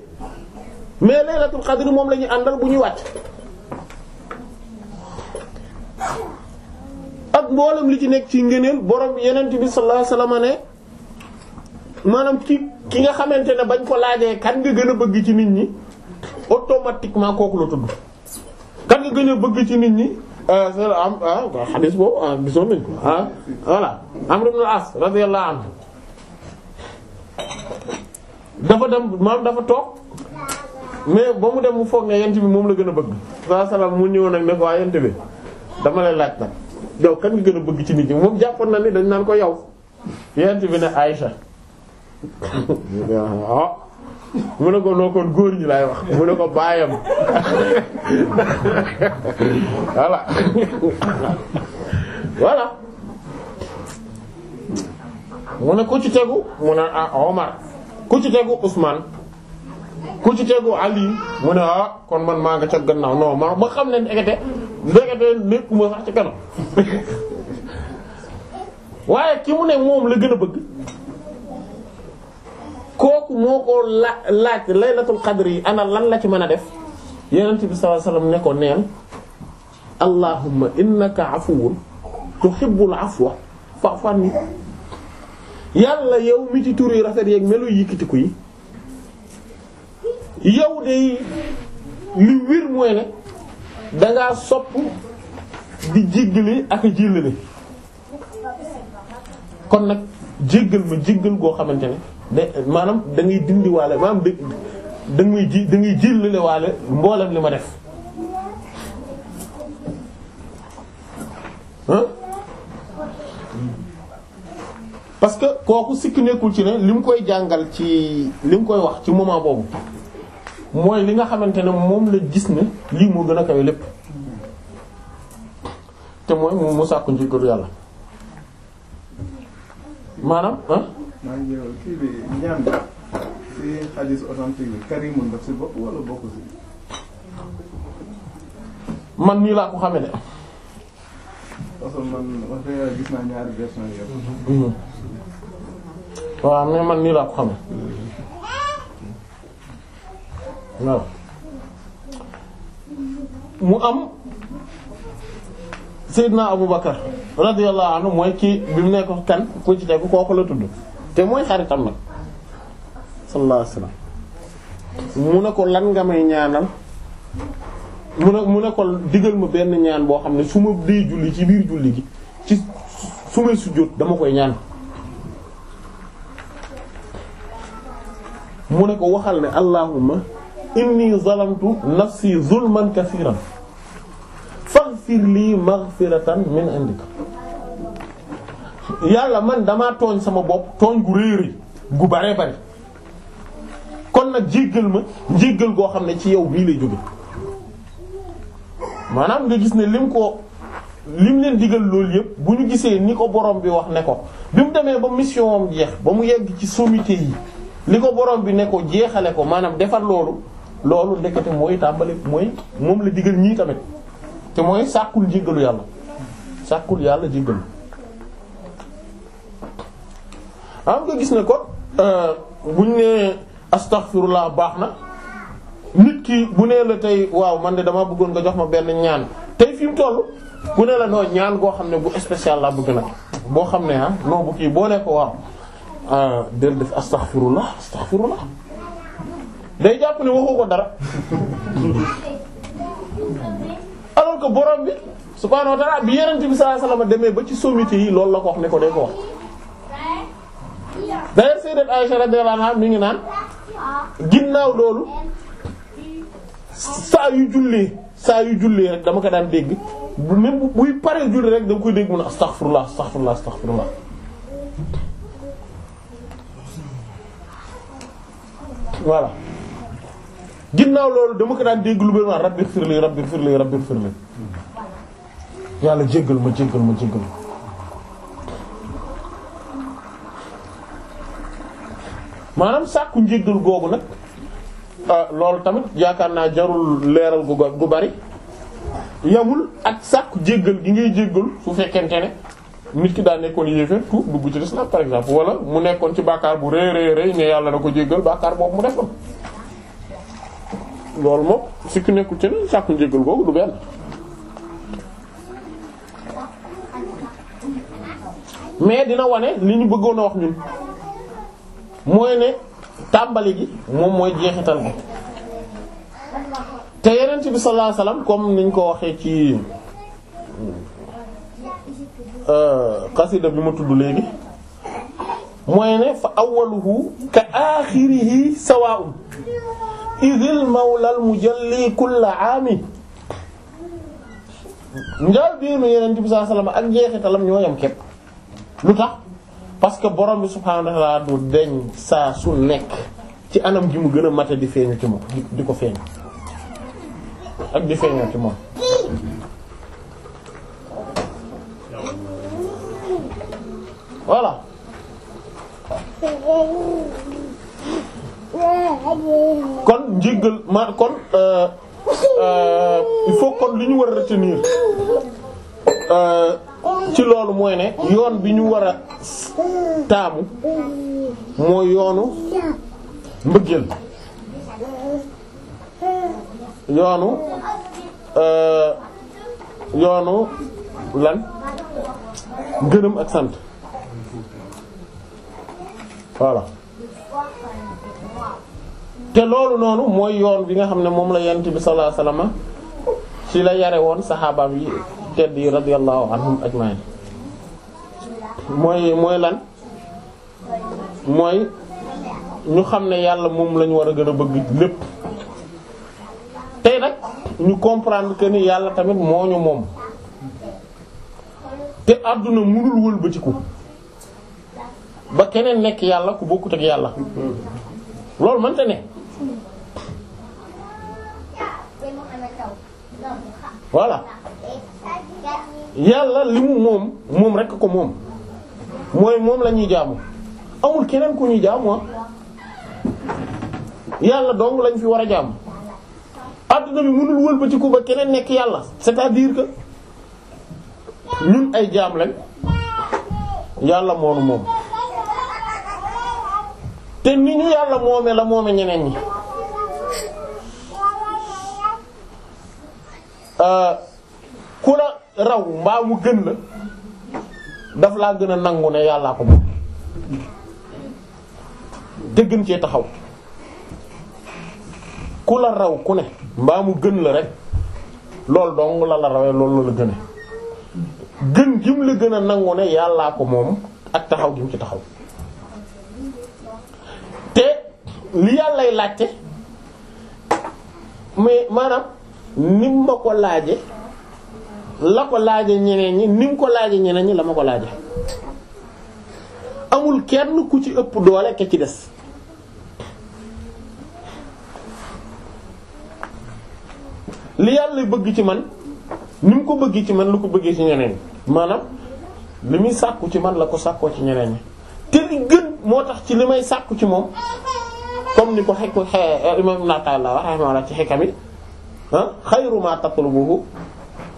mais laylatul qadr moom lañuy ñuy àndal bu ñuy wàcc ak mboolem li ci nekk ci ngëneel borom yenent bi sallallahu alayhi wasallam ne maanaam ki ki nga xamante ne bañ ko laajee kan nga gën a bëgg ci nit ñi automatiquement kooku la tudd kan nga gën a bëgg ci nit ñi euh, am ah xadis boobu ah gisoon nañ ko ah as radiyallahu anhu dafa dem maam dafa toog mais ba mu dem mu foog ne yent bi moom la gën a bëgg sallallahu alayhi mu ñëw nag ne ko yent bi dama lay laaj nag yow kan gën a bëgg ci nit ñi moom jàppoon ni dañ naan ko yow yent bi ne Aïcha ah mu ne ko noo góor ñi laay wax mu ne ko baayam voilà voilà mu ne ku ci tegu mu ne ah Omar ku ci tegu ku ci tegu Ali mu ne ah kon man maa nga ca gannaaw non ma ba xam ne ndekete ndekete sax ci kanam waaye ki mu ne moom la gën a bëgg kooku moo ko la laaj laylatul qadr yi ana lan la ci mën a def yenent bi sallallahu alayhi wasallam ne ko neen allahumma innaka afuwun tuhibbul afwa fa'fu anni yàlla yow mi ci tur yu rafet yeeg melu yëkkatiku yi yow de li wir mooy ne dangaa sopp di jéggale ak jéllale kon nag jéggal ma jéggal goo xamante ne da maanaam da ngay dindi waale maanaam da da ji da ngay jéllale waale mboolem li ma def ah que kooku sikk nekkul ci ne li mu koy jàngal ci li mu koy wax ci moment boobu mooy li nga xamante ne moom la gis ne lii moo gën a kawe lépp te mooy mu mu sàkku njëgalu yàlla maanaam ah. maa ngi ñëw kii bi ñaan bi ci xadis wala bokk ci. man nii laa ko xamee de. parce que gis naa ñaari version yëpp. Mhm. waaw man nii laa ko xamee. waaw mu am Seydina Aboubacar radiyallahu anhu mooy kii bi mu nekk kan ci tegu kooku la tudd te mooy xaritam nag sallallahu alayhi wasallam mu ne ko lan nga may ñaanal mu ne mu ne ko digal ma benn ñaan boo xam ne su ma dee julli ci biir julli gi ci su may sujjóot dama koy ñaan mu ne ko waxal ne allahumma inni zalamtu nafsi zulman kasiran faghfir lii maghfiratan min indika yàlla man dama tooñ sama bopp tooñ gu réeri gu bare bare kon nag jéggal ma jéggal goo xam ne ci yow bii lay jóge maanaam nga gis ne lim ko lim leen digal loolu yëpp bu ñu gisee ni ko borom bi wax ne ko bi mu demee ba mission am jeex ba mu yegg ci sommité yi li ko borom bi ne ko jeexale ko maanaam defar loolu loolu ndekete mooy tàmbali mooy moom la digal ñii tamit te mooy sàkkul jéggalu yàlla sàkkul yàlla jéggalu am nga gis ne ko euh, buñ ne astaghfirullah baax na nit ki bu nee la tey waaw man de damaa bëggoon nga jox ma benn ñaan tey fi mu toll ku ne la noo ñaan goo xam ne bu spécial la bëgg nag boo xam ne ah non bu kii boo ne ko waaw euh, del def astaghfirullah astaghfirullah day jàpp ne waxu ko dara alors que borom bi subhaanahu wa ta'ala bi yonent bi sallallahu alayhi wasallam demee ba ci sommité yi loolu la ko wax ne ko day ko wax. d'ailleurs sayyidat Aisha radiyallahu anha mi ngi naan ginnaaw loolu saa yu julli saa yu julli rek dama ko daan dégg même buy paree julli rek dama koy dégg mu ne astaghfirullah astaghfirullah ginnaaw loolu dama ko daan dégg lu mel noonu rabbi firli rabbi firli rabbi firli yàlla jéggal ma jéggal ma jéggal maanaam sàkku njéggal googu nag ah, loolu tamit yaakaar naa jarul leeral gu gu bari yamul ak sàkku jéggal gi ngay jéggal su fekkente ne nit ki daan nekkoon yéeféer tuub dugg ci lislaam par exemple wala mu nekkoon ci bàkkaar bu rëy rëy rëy ne yàlla na ko jéggal bàkkaar boobu mu defoon loolu moom sikki nekkul ci ne sàkku njéggal googu du benn mais dina wane li ñu bëggoon a wax ñun mooy ne tàmbali gi moom mooy jeexital bi te yeneen bi sallallahu alayhi wasallam comme niñ ko waxee ci xasida euh, bi ma tudd léegi mooy ne fa awwaluhu ka aaxirihi sawaa'un idil mawlal mujalli kulla aami njaal biinu yeneen bi sallallahu alayhi wasallam ak njeexitalam ñoo yam képp lu tax parce que borom bi subhaanahu wa ta'aala du deñ saa su nekk ci anam gi mu gën a mate di feeñu ci moom di ko feeñ ak di feeñoo ci moom voilà kon njéggal ma kon euh, euh, il faut kon li ñu war a retenir euh, ci loolu mooy ne yoon bi ñu war a taamu moo yoonu mbëggeel yoonu yoonu lan gërëm ak sant voilà te loolu noonu mooy yoon bi nga xam ne moom la yonent bi sallallahu alayhi wasallam ci la yare woon saxaabaam yi tedd yi radiyallahu anhum ajma'in mooy mooy lan mooy ñu xam ne yàlla moom lañu war a gën a bëgg lépp tey nag ñu comprendre que ni yàlla tamit moo ñu moom te àdduna mënul wëlbatiku ba keneen nekk yàlla ku bokkut ak yàlla loolu mënta ne voilà yàlla li moom moom rekk ko moom mooy moom lañuy ñuy jaamu amul keneen ku ñuy jaamu ah yàlla dong lañ fi war a jaamu adduna bi mënul wëlbatiku ba keneen nekk yàlla c'est-à-dire que ñun ay jaam lañ yàlla moonu moom te ni ñu yàlla moome la moome ñeneen ñi Euh, ku la raw mbaa mu gën la daf laa gën a nangu ne yàllaa ko moom te gën cee taxaw ku la raw ku ne mbaa mu gën la rek loolu dong la la rawee loolu la la gëne gën gim la gën a nangu ne yàllaa ko moom ak taxaw gim ci taxaw te li yàllay laajte mais maanaam nim ma ko laaje la ko laaje ñeneen ñi nim ko laaje ñeneen ñi la ma ko laaje amul kenn ku ci ëpp doole ke ci des li yàlla bëgg ci man ni ko bëggee ci man lu ko bëggee ci ñeneen maanaam li muy sàkku ci man la ko sàkkoo ci ñeneen ñi te li gën moo tax ci li may sàkku ci moom comme ni ko xekku xee imam Ibn Ata'illah wax rahimahullah ci yi xayru ma tatlubuhu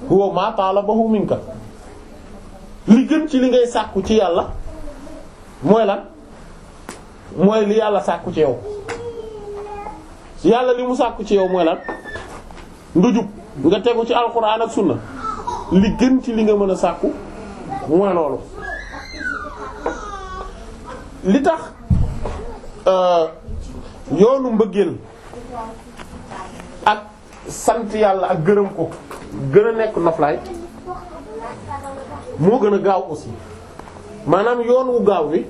huwa ma talabahu minka li gën ci li ngay sàkku ci yàlla mooy lan mooy li yàlla sàkku ci yow yàlla li mu sàkku ci yow mooy lan nga jub nga tegu ci alxuraan ak sunna li gën ci li nga mën a sàkku mooy loolu li tax euh, yoonu mbëggeel ak sant yàlla ak gërëm ko gën a nekk noflaay moo gën a gaaw aussi maanaam yoon wu gaaw bi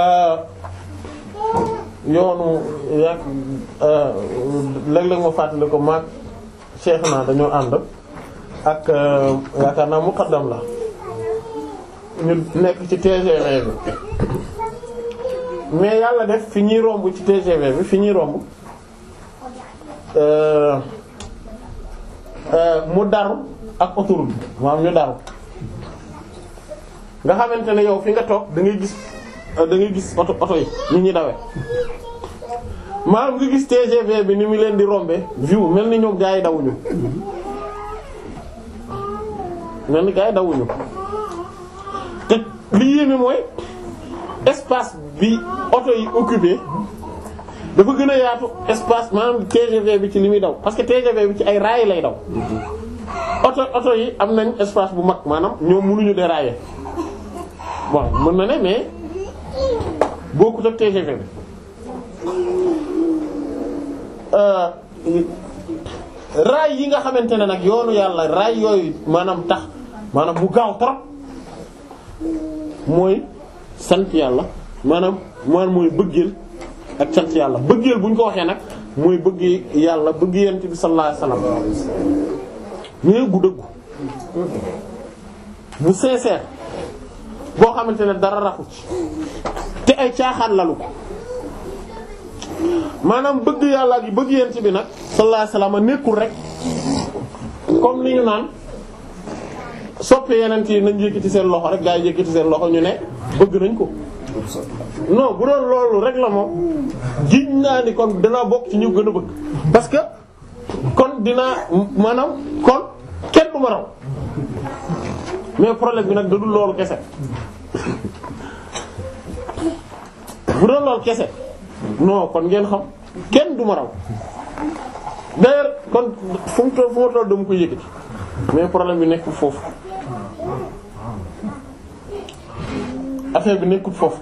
euh, yoonu yàgg euh, léeg ma fàttali ko maag Cheikh naa dañoo ànd ak euh, yaakaar naa muqaddam la ñu nekk ci TGV bi mais yàlla def fi ñuy romb ci TGV bi fi ñuy romb Euh, euh, mu daru ak autoroute maanaam ñu daru nga xamante ne yow fi nga toog da ngay gis euh, dangay gis oto oto yi ñu ñuy dawee maanaam nga gis TGV bi ni mu leen di rombe view mel ni ñoom gaa yi dawuñu mel ni gaa yi dawuñu te li yéeme mooy espace bi oto yi occupé dafa gën a yaatu espace maanaam TGV bi ci li muy daw parce que TGV bi ci ay raay lay daw oto oto yi am nañ espace bu mag maanaam ñoom mënuñu dérailler bon mën na ne mais bokkut ak TGV bi euh, raay yi nga xamante ne nag yoonu yàlla raay yooyu maanaam tax maanaam bu gaaw trop mooy sant yàlla maanaam maanaam mooy bëggeel ak cat yàlla bëggeel bu ñu ko waxee nag mooy bëgg yàlla bëgg yent bi sallallahu alayhi wasallam mais bu dëggu bu sincère boo xamante ne dara raxu ci te ay caaxaan lalu ko maanaam bëgg yàlla ak bëgg yent bi nag sallallahu alayhi wasallam nekkul rek comme ni ñu naan soppe yeneen yi nañ yëkkati seen loxo rek gaa yi seen loxo ñu ne bëgg nañ ko no bu doon loolu rek la moom naa ni kon dinaa bokk ci ñu gën a bëgg parce que kon dinaa maanaam kon kenn du ma raw mais problème bi nag da dul loolu kese bu doon loolu kese non kon ngeen xam kenn du ma raw d'ailleurs kon fu mu toll fu ma toll dama ko yëkkati mais problème bi nekk foofu affaire bi nekkul foofu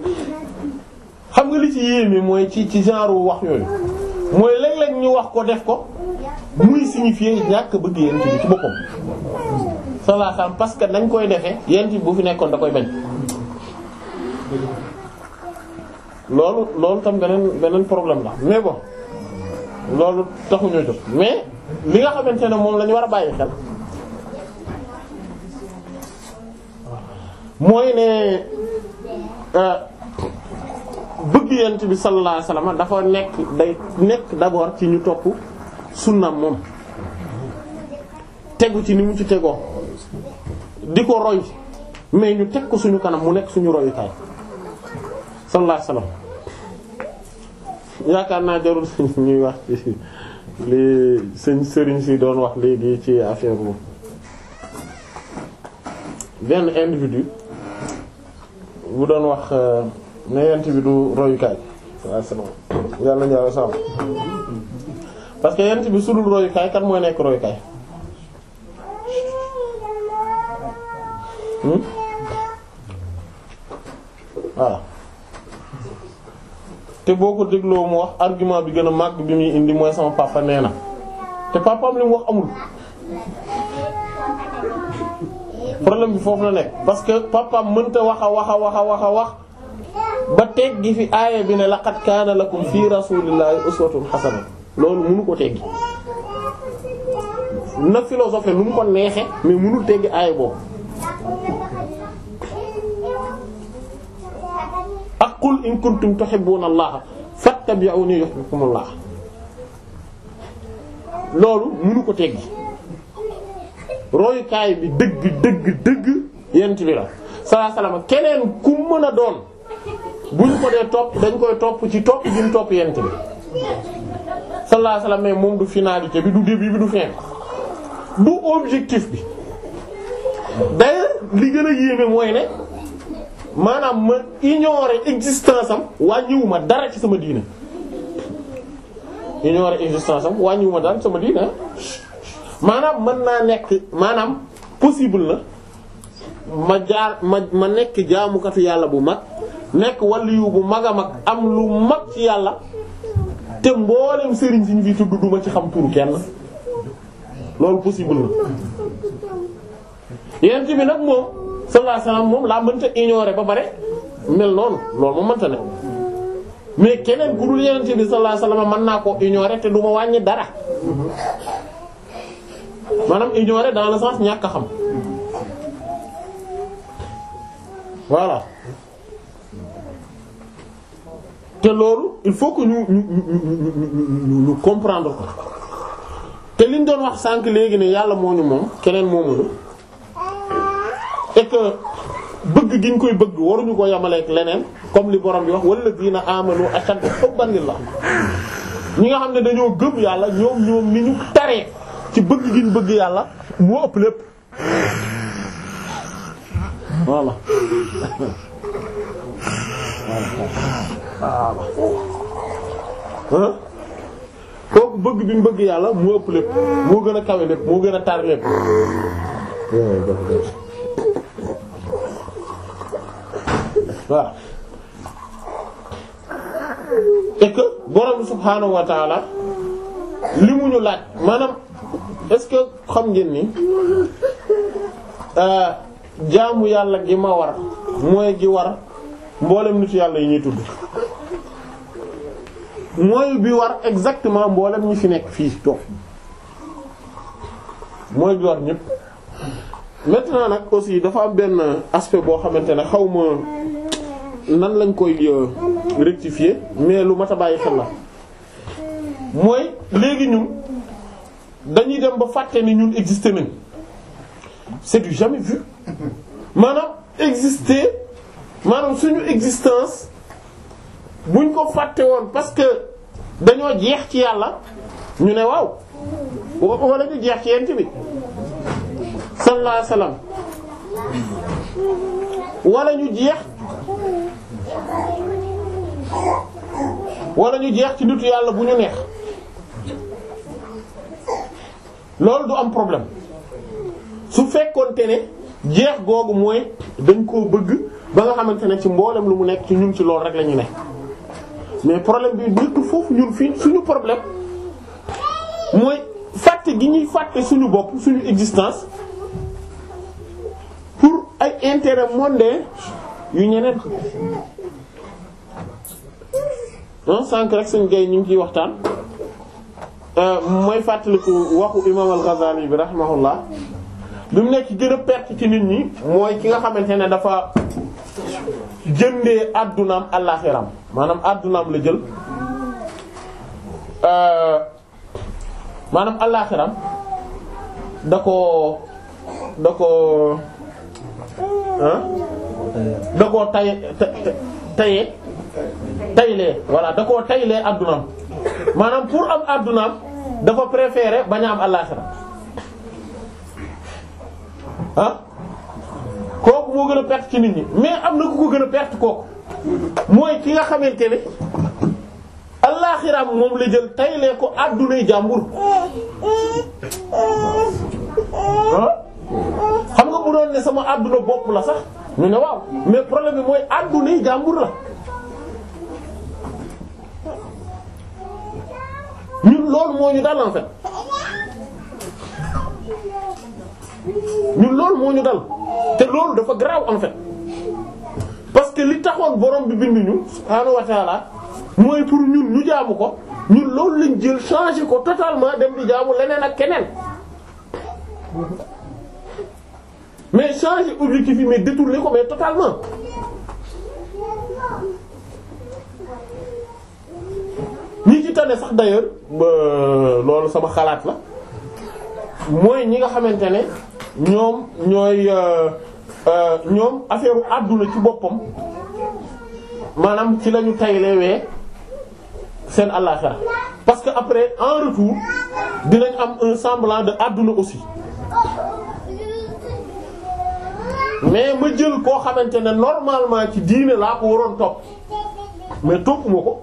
xam nga li ci yéeme mooy ci ci genre wu wax yooyu mooy léeg-léeg ñu wax ko def ko muy signifier ñàkk bëgg yent bi ci boppam sallallahu alayhi parce que nañ koy defee yent bi bu fi nekkoon da koy bañ loolu loolu tam beneen beneen problème la mais bon loolu taxuñoo jóg mais li nga xamante ne moom lañu war a bàyyi xel mooy ne euh, bëgg yent bi sallallahu alayhi wasallam dafa nekk day nekk d'abord ci ñu topp sunnam moom tegu ci ni mu ci tegoo di ko roy mais ñu teg ko suñu kanam mu nekk suñu royukaay sallallahu alayhi wasallam yaakaar naa jarul ñuy wax ci li sëñ sëriñ si doon wax léegi ci affaire boobu benn individu bu doon wax euh, ne yent bi du royukaay waaw c'est bon yàlla na yàlla sàmm parce bi su dul royukaay kan mooy nekk royukaay. Hmm? voilà te boo ko dégloo mu wax argument bi gën a màgg bi muy indi mooy sama papa nee na te papaam li mu wax amul. problème bi foofu la nekk parce que papaam mënta wax a wax a wax a wax a wax ba teg gi fi aaya bi ne laqad kaana lakum fii rasulillahi uswatun hasana loolu mënu ko teggi na philosophe lu mu ko neexe mais mënul teggi aaya boobu ak qul in kuntum tuhibbuna allah loolu mënu ko teggi royukaay bi dëgg dëgg dëgg yent bi la sallallahu alayhi wasallam keneen ku mën a doon buñ ko dee topp dañ koy topp ci topp bi mu topp yent bi sallallahu alayhi mais moom du finalité bi du début bi du fin bi du objectif bi d'ailleurs li gën a yéeme mooy ne maanaam ma ignorer existence am wàññiwuma dara ci sama diine ignorer existence am wàññiwuma dara ci sama diine ah. maanaam mën naa nekk maanaam possible na ma jaar ma ma nekk jaamukatu yàlla bu mag nekk waliyu bu mag a mag am lu mag ci yàlla te mboolem sëriñ si ñu fi tudd duma ci xam turu kenn loolu possible na yent bi nag moom sallallahu alayhi wasallam moom laa mënta ignorer ba bare mel noonu loolu moom mënta ne mais keneen ku dul yent bi sallallahu alayhi wasallam mën naa ko ignorer te duma wàññi dara maanaam ignorer dans le sens ñàkk xam voilà te loolu il faut que ñu ñu ñu ñu comprendre ko te liñ doon wax sànq léegi ne yàlla moo ñu moom keneen moomuñu et que bëgg gi ñu koy bëgg waruñu ko yamaleek leneen comme li borom bi wax wala diina amanu ashaddu hubban lillah ñi nga xam ne dañoo gëm yàlla ñoom ñoom ni ñu taree. ci bëgg gi bëgg yàlla moo ëpp lépp bëgg mu yàlla moo gën a kawe lépp moo gën a tar lépp waaw borom subhaanahu wa li mu ñu laaj maanaam est-ce que xam ngeen ni euh, jaamu yàlla gi ma war mooy gi war mboolem nitu yàlla yi ñuy tudd mooy bi war exactement mboolem ñi fi nekk fii toog mooy bi war ñépp maintenant nag aussi dafa am benn aspect boo xamante ne xaw ma nan lañ koy euh, rectifier mais lu mat a bàyyi xel la mooy léegi ñun. dañuy dem ba fàtte ni ñun exister nañ c'est du jamais vu maanaam exister maanaam suñu existence buñ ko fàtte woon parce que dañoo jeex ci yàlla ñu ne waaw wala ñu jeex ci yent bi sallallahu alayhi wasallam ñu jeex wala ñu jeex ci nitu yàlla bu ñu neex loolu du am problème su fekkoonte ne jeex googu mooy dañ koo bëgg ba nga xamante ne ci mboolem lu mu nekk ci ñun ci loolu rek la ñu ne mais problème bi du foofu ñun fii suñu problème mooy fàtte gi ñuy fàtte suñu bopp suñu existence pour ay intérêt mondain yu ñeneen ah sànq rek seen gay ñu ngi ciy waxtaan. Euh, mooy fàttaliku waxu imam al-Ghazali bi rahimahullah bi mu nekk gën a perte ci nit ñi mooy ki nga xamante ne dafa jëndee addunaam àllaaxiram maanaam addunaam la jël euh, maanaam àllaaxiram da koo da koo da koo tay taye taylee voilà da koo taylee addunaam maanaam pour am àddunaam dafa préférer bañ am àllaaxira ah kooku moo gën a perte ci nit ñi mais am na ku ko gën a perte kooku mooy ki nga xamante ne àllaaxiraam moom la jël taylee ko àddunay jàmbur ah xam nga bu doon ne sama àdduna bopp la sax ñu ne waaw mais problème bi mooy àddunay jàmbur la. ñun loolu moo ñu dal en fait ñun loolu moo ñu dal te loolu dafa grave en fait parce que li taxoon borom bi bind ñu subhaanahu wa ta'ala mooy pour ñun ñu jaamu ko ñun loolu lañ jël changer ko totalement dem di jaamu leneen ak keneen mais changer objectif yi mais détourner ko mais totalement. lii ci tane sax d'ailleurs loolu sama xalaat la mooy ñi nga xamante ne ñoom ñooy euh, euh, ñoom affaire àdduna ci boppam maanaam ci lañu wee seen àllaxira parce que après en retour dinañ am un àdduna aussi mais ma jël koo xamante ne normalement ci diine laa ko waroon topp mais topp ko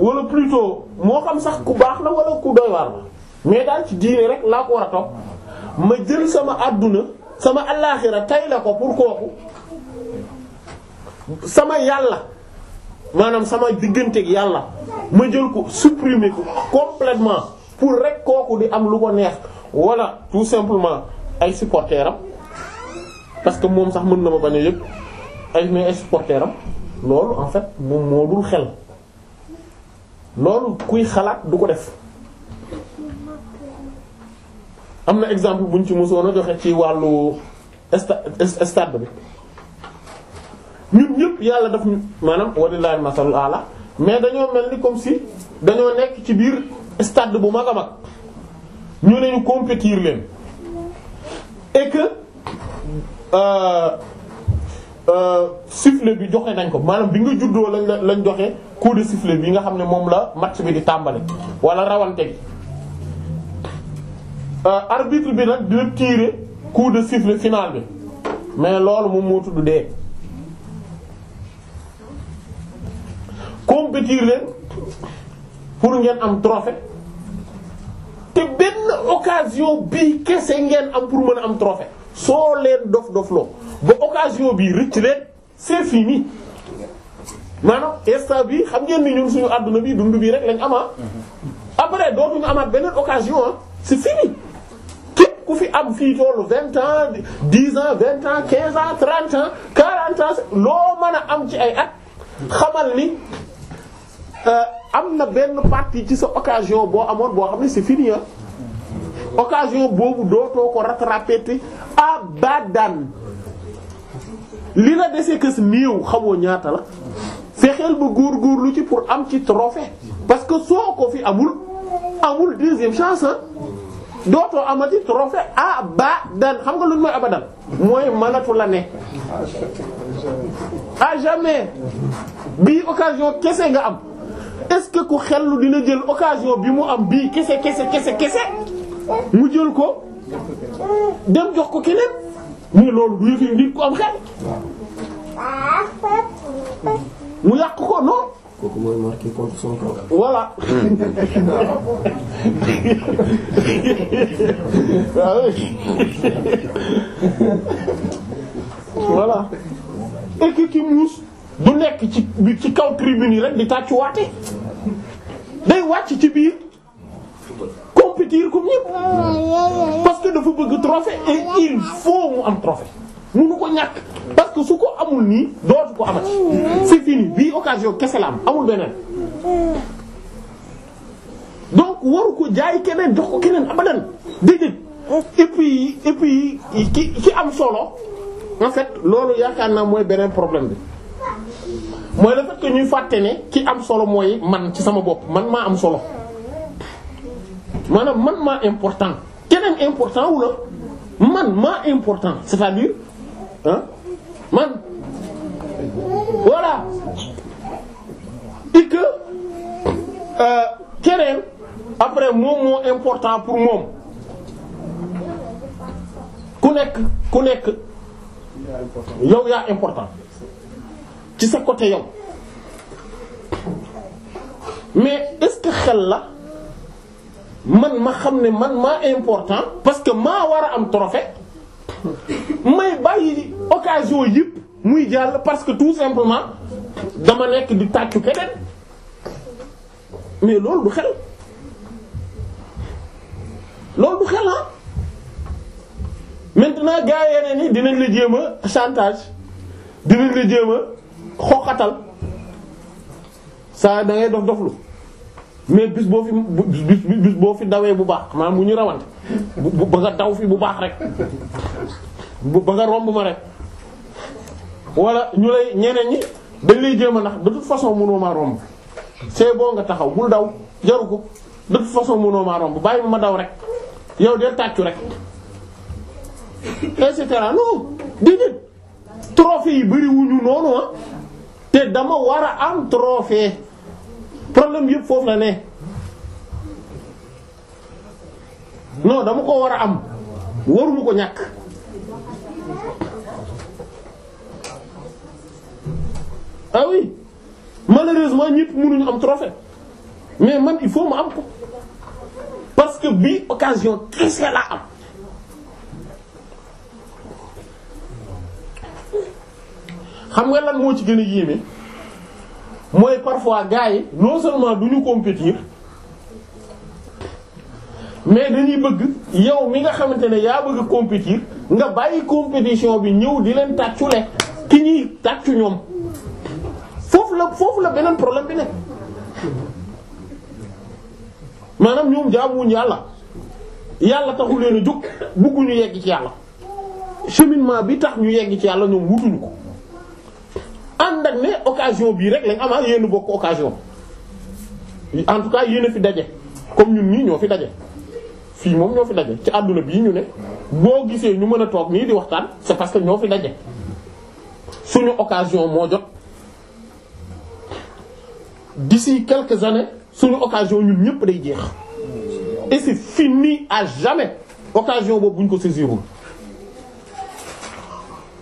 wala plutôt moo xam sax ku baax la wala ku doy waar mais daal ci diine rek laa ko war a topp ma jël sama àdduna sama allaaxira tay la ko pour kooku sama yàlla maanaam sama digganteeg yàlla ma jël ko supprimer ko complètement pour rek kooku di am lu ko neex wala tout simplement ay supporters am parce que moom sax mën na ma bañ a yëpp ay mais ay supporters am loolu en fait moom moo dul xel. loolu kuy xalaat du ko def am na exemple buñ ci mosoon a joxe ci wàllu sta stade bi ñun ñëpp yàlla daf ñu maanaam wallaahi masalul ala mais dañoo mel ni comme si dañoo nekk ci biir stade bu mag a mag ñu ne ñu compétir leen et euh, Euh, sifflet bi joxe nañ ko maanaam bi nga juddoo lañ la lañ joxe coup de bi nga xam ne moom la match bi di tàmbale wala rawante gi euh, arbitre bi nag dina tirer coup de sifflet final bi mais loolu moom moo tudd dee. compétir leen pour ngeen am trophée te benn occasion bii kese ngeen am pour mën a am trophée soo leen dof dof loo ba occasion bi rëcc leen c'est fini maanaam instant bi xam ngeen ni ñun suñu àdduna bi dund bii rek lañ ama ah. après dootuñu amaat beneen occasion ah c'est fini képp ku fi am fii toolu vingt ans dix ans vingt ans quinze ans trente ans quarante ans loo mën a am ci ay at xamal ni euh, am na benn partie ci sa occasion boo amoon boo xam ne si fini ah occasion boobu dootoo ko rattraper abadan li la dese kës néew xamoo ñaata la fexeel ba lu ci pour am ci trophée parce que soo ko fi amul amul deuxième chance dootoo amati trophée abadan xam nga lu mooy abadan mooy manatu la ne à jamais bii occasion kese nga am est-ce que ku xellu dina jël occasion bi mu am bii kese kese kese kese mu jël ko dem jox ko keneen mais loolu du yëfi nit ku am xel mu yàq ko non. kooku mooy marqué contre ki muus du nekk ci ci kaw tribune rek di tàccuwaate day wàcc ci biir. compétir comme ñëpp parce que dafa bëgg trophée et il faut mu am trophée munu ko ñàkk parce que su ko amul nii dootu ko amati c'est fini bii occasion kese la am amul beneen donc waru ko jaay keneen jox ko keneen abadan déedéet et puis et puis ki ki am solo en fait loolu yaakaar naa mooy beneen problème bi mooy le fait que ñuy fàtte ne ki am solo mooy man ci sama bopp man maa am solo maanaam man maa important keneen important wu la man maa important c'est-à-dire ah man voilà et que euh, keneen après moom moo important pour moom ku nekk ku nekk yow yaa important ci sa côté yow mais est-ce que xel la. man ma xam ne man ma important parce que maa war a am trophée may bàyyi occasion yëpp muy jàll parce que tout simplement dama nekk di tàccu keneen mais loolu du xel loolu du xel ah maintenant gars yeneen dinañ la jéem a chantage dinañ la jéem a xoqatal saa da ngay dof doflu mais bis boo fi bis boo fi dawee bu baax maam bu ñu rawante bu ba nga daw fi bu baax rek ba nga romb ma rek wala ñu lay ñeneen ñi dañ lay jéem a ndax façon mënuma maa romb c'est bon nga taxaw bul daw jaru ko de toute façon mënoo maa romb bàyyi ma ma daw rek yow dee tàccu rek et cetera non déedéet trophée yi bëri noonu ah te dama war a am trophée. problème bi yëpp foofu la ne non dama ko war a am waruma ko ñàkk ah oui malheureusement ñëpp mënuñu am trophée mais man il faut ma am ko parce que bii occasion kese laa am xam nga lan moo ci gën a yéeme mooy parfois gars yi non seulement du ñu compétir mais dañuy bëgg yow mi nga xamante ne yaa bëgg compétir nga bàyyi compétition bi ñëw di leen tàccule ki ñuy tàccu ñoom foofu la foofu la beneen problème bi nekk maanaam ñoom jaamuwuñu yàlla yàlla taxu leen a jóg bëgguñu yegg ci yàlla cheminement bi tax ñu yegg ci yàlla ñoom wutuñu ko. ànd ak ne occasion bii rek lañ amaat yéen bokk occasion en tout cas yéen a fi daje comme ñun nii ñoo fi daje fii moom ñoo fi daje ci àdduna bii ñu ne boo gisee ñu mën a toog nii di waxtaan c'est parce que ñoo fi daje suñu occasion moo jot d'ici quelques années suñu occasion ñun ñëpp day jeex et c'est fini à jamais occasion boobu bu ko saisirul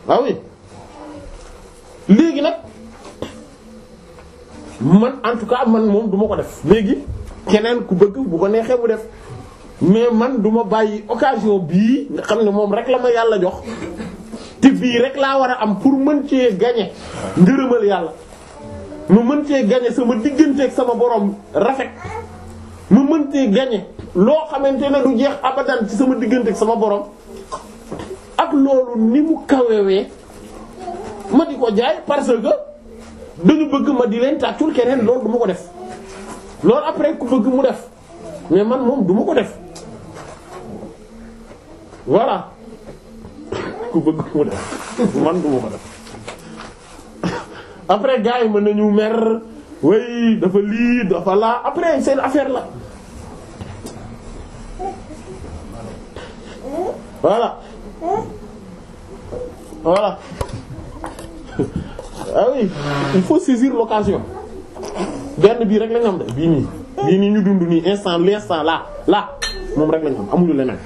ah oui léegi nag man en tout cas man moom duma ko def léegi keneen ku bëgg bu ko neexee bu def mais man duma bàyyi occasion bii nga xam ne moom rekk la ma yàlla jox te bii rek laa war a am pour mën cee gagner ngërëmal yàlla mu mën cee gagner sama digganteeg sama borom rafet mu mën cee gagner loo xamante ne du jeex abadan ci sama digganteeg sama borom ak loolu ni mu kawewee ma di ko jaay parce que dañu bëgg ma di leen tàccul keneen loolu du ma ko def loolu après ku bëgg mu def mais man moom du ko def voilà ku bëgg mu def man du ko def après gars yi mën nañu mer way dafa lii dafa laa après seen affaire la voilà voilà Ah il faut saisir l'occasion benn bii rek lañ am de bii nii bii nii ñu dund nii instant l'instant là moom rek lañ am amuñu leneen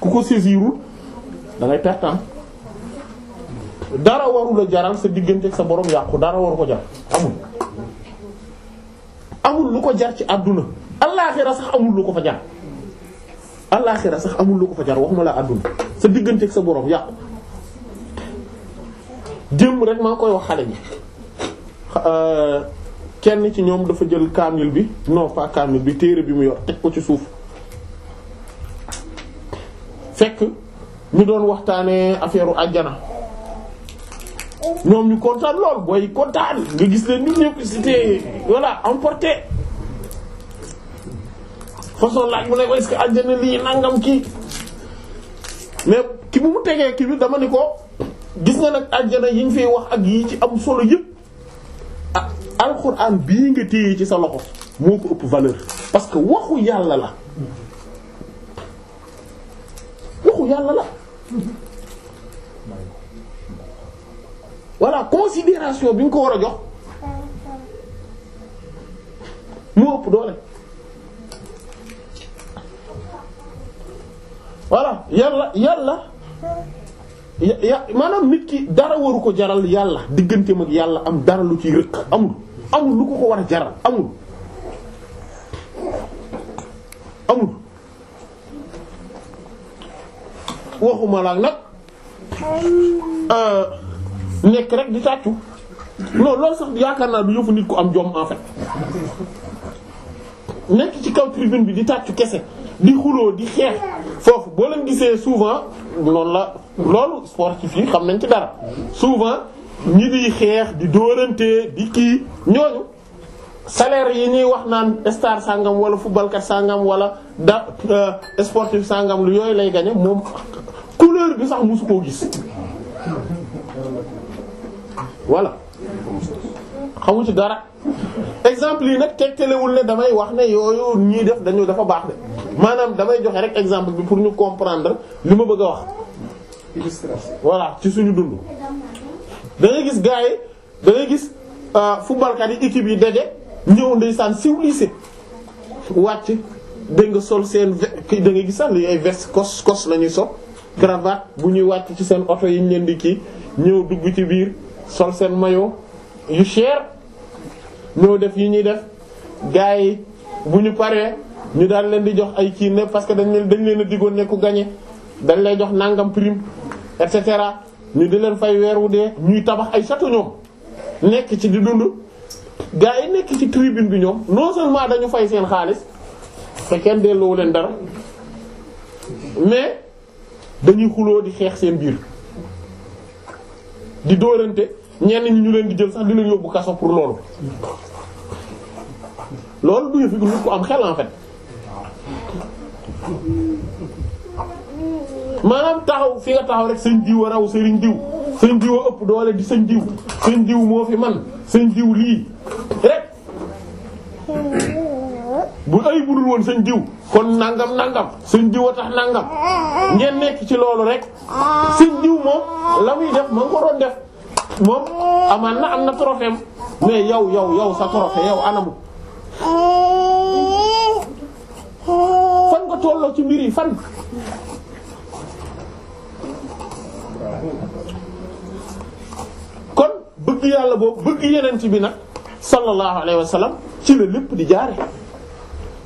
ku ko saisirul da ngay dara warul a jaral sa diggante ak sa borom yàqu dara waru ko jar amul amul lu ko jar ci àdduna allaaxira sax amul lu ko fa jar allaaxira sax amul lu ko fa jar waxuma la àdduna sa diggante ak sa borom yàqu démb rek maa ngi koy wax xale bi euh, kenn ci ñoom dafa jël kaamil bi non pas kaamil bi téere bi mu yor teg ko ci suuf fekk ñu doon waxtaanee affaire u àjjana ñoom ñu kontaan lool booy kontaan nga gis leen ñun ñëpp c'était voilà emporté façon laaj mu ne est-ce que lii nangam kii mais ki bu mu tegee kii bi dama ni ko. gis nga nag àjjana yi ñu fiy wax ak yi ci am solo yëpp ah alxuraan bii nga téye ci sa loxo moo ko ëpp valeur parce que waxu yàlla la waxu yàlla la voilà considération bi nga ko war a jox moo ëpp doole voilà yàlla yàlla ya maanaam nit ki dara waru ko jaral yàlla diggante mag yàlla am dara lu ciy rëkk amul amul lu ko ko war a jaral amul amul waxuma la nag euh, nekk rek di tàccu non loolu sax yaakaar naa du yëfu nit ku am jom en nekk ci kaw tribune bi di tàccu kese di xuloo di xeex foofu boo leen gisee souvent loolu la loolu sportif yi xam nañ ci dara souvent ñi xeex di dóorante di kii ñooñu salaire yi ñuy wax naan star sangam wala footballkat sangam wala da euh, sportif sangam lu yooyu lay gañe moom couleur bi sax mosu koo gis voilà xamu ci dara. exemple yi nag tegtalewul ne damay wax ne yooyu ñuy def dañu dafa baax de maanaam damay joxe rek exemple bi pour ñu comprendre li ma bëgg a wax. illustration voilà ci suñu dund. da gis gars yi da gis euh, footballkat yi équipe yi daje ñëw ndeysaan civilisé wàcc dégg nga sol seen ve da ngay gis sax li ay veste cos cos la ñuy sol cravate bu ñuy wàcc ci seen oto yi ñu leen di kii ñëw dugg ci biir sol seen mayo yu cher. ñoo def yi ñuy def gars yi bu ñu paree ñu daal leen di jox ay kii ne parce que dañ leen dañ leen a diggoon ne ku gagné dañ lay jox nàngam prime et cetera ñu di leen fay weer wu dee ñuy tabax ay château ñoom nekk ci di dund gars yi nekk ci tribune bi ñoom non seulement dañu fay seen xaalis te kenn delloowu leen dara mais dañuy xuloo di xeex seen biir di dóorante ñenn ñi ñu leen di jël sax di leen yóbbu kaso pour loolu loolu du yëfi nit ku am xel en fait maanaam taxaw fi nga taxaw rek sëñ diw a raw sëriñ diw sëñ diw a ëpp doole di sëñ diw sëñ diw moo fi man seen diw lii rek bu ay budul woon sëñ diw kon nangam nangam sëñ diw a tax nangam ngeen nekk ci loolu rek sëñ diw moom la muy def ma nga def moom amaan na am na trophée mais yow yow yow sa trophée yow anamu Oh. fan nga tolloo ci mbir yi fan. kon bëgg yàlla boobu bëgg yenent bi nag sallallahu alayhi wa ci la lépp di jaare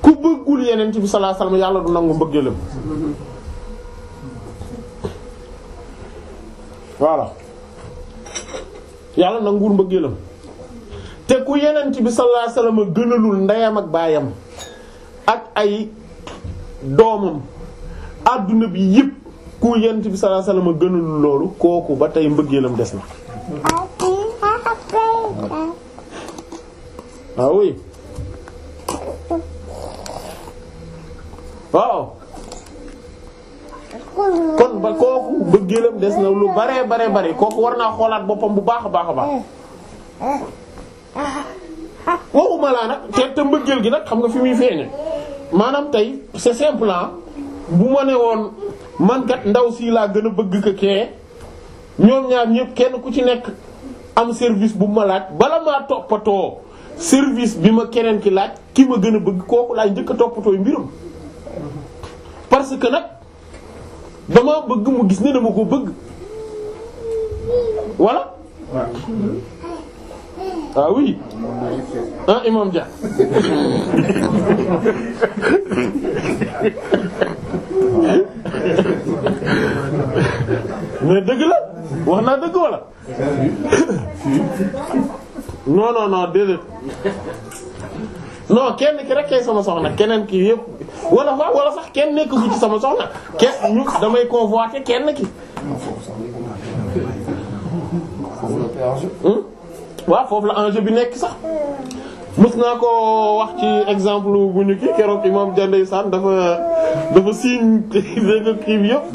ku bëggul yenent bi sallallahu alayhi yàlla du nangu mbëggeelam voilà yàlla nanguwul mbëggeelam te ku yenent bi sallallahu alayhi wasallam gënalul ndeyam ak baayam ak ay doomam àdduna bi yépp ku yenent bi sallallahu alayhi wasallam gënalul loolu kooku ba tey mbëggeelam des na ah oui waaw kon ba kooku mbëggeelam des na lu bare bare bare kooku war naa xoolaat boppam bu baax a baax a baax waxuma laa nag te te mbëggeel gi nag xam nga fi muy feeñe maanaam tey c'est simple ah. bu ma ne woon man kat ndaw sii laa gën a bëgg ko kee ñoom ñaar ñëpp kenn ku ci nekk am service bu ma laaj bala maa toppatoo service bi ma keneen ki laaj ki ma gën a bëgg kooku laay njëkk a toppatooy mbiram parce que nag dama bëgg mu gis ne dama ko bëgg voilà. ah oui ah imam Dia mais dëgg la wax naa dëgg wala non non non déedéet non kenn ki rek kay sama soxna keneen ki wala waaw wala sax kenn nekk gu ci sama soxna kenn ñu damay convoité kenn ki. Hmm? waaw foofu la enjeu bi nekk sax mës naa ko wax ci exemple bu ñu kii keroog imam Jandey Sane dafa dafa siim dégg nga kii bi yëpp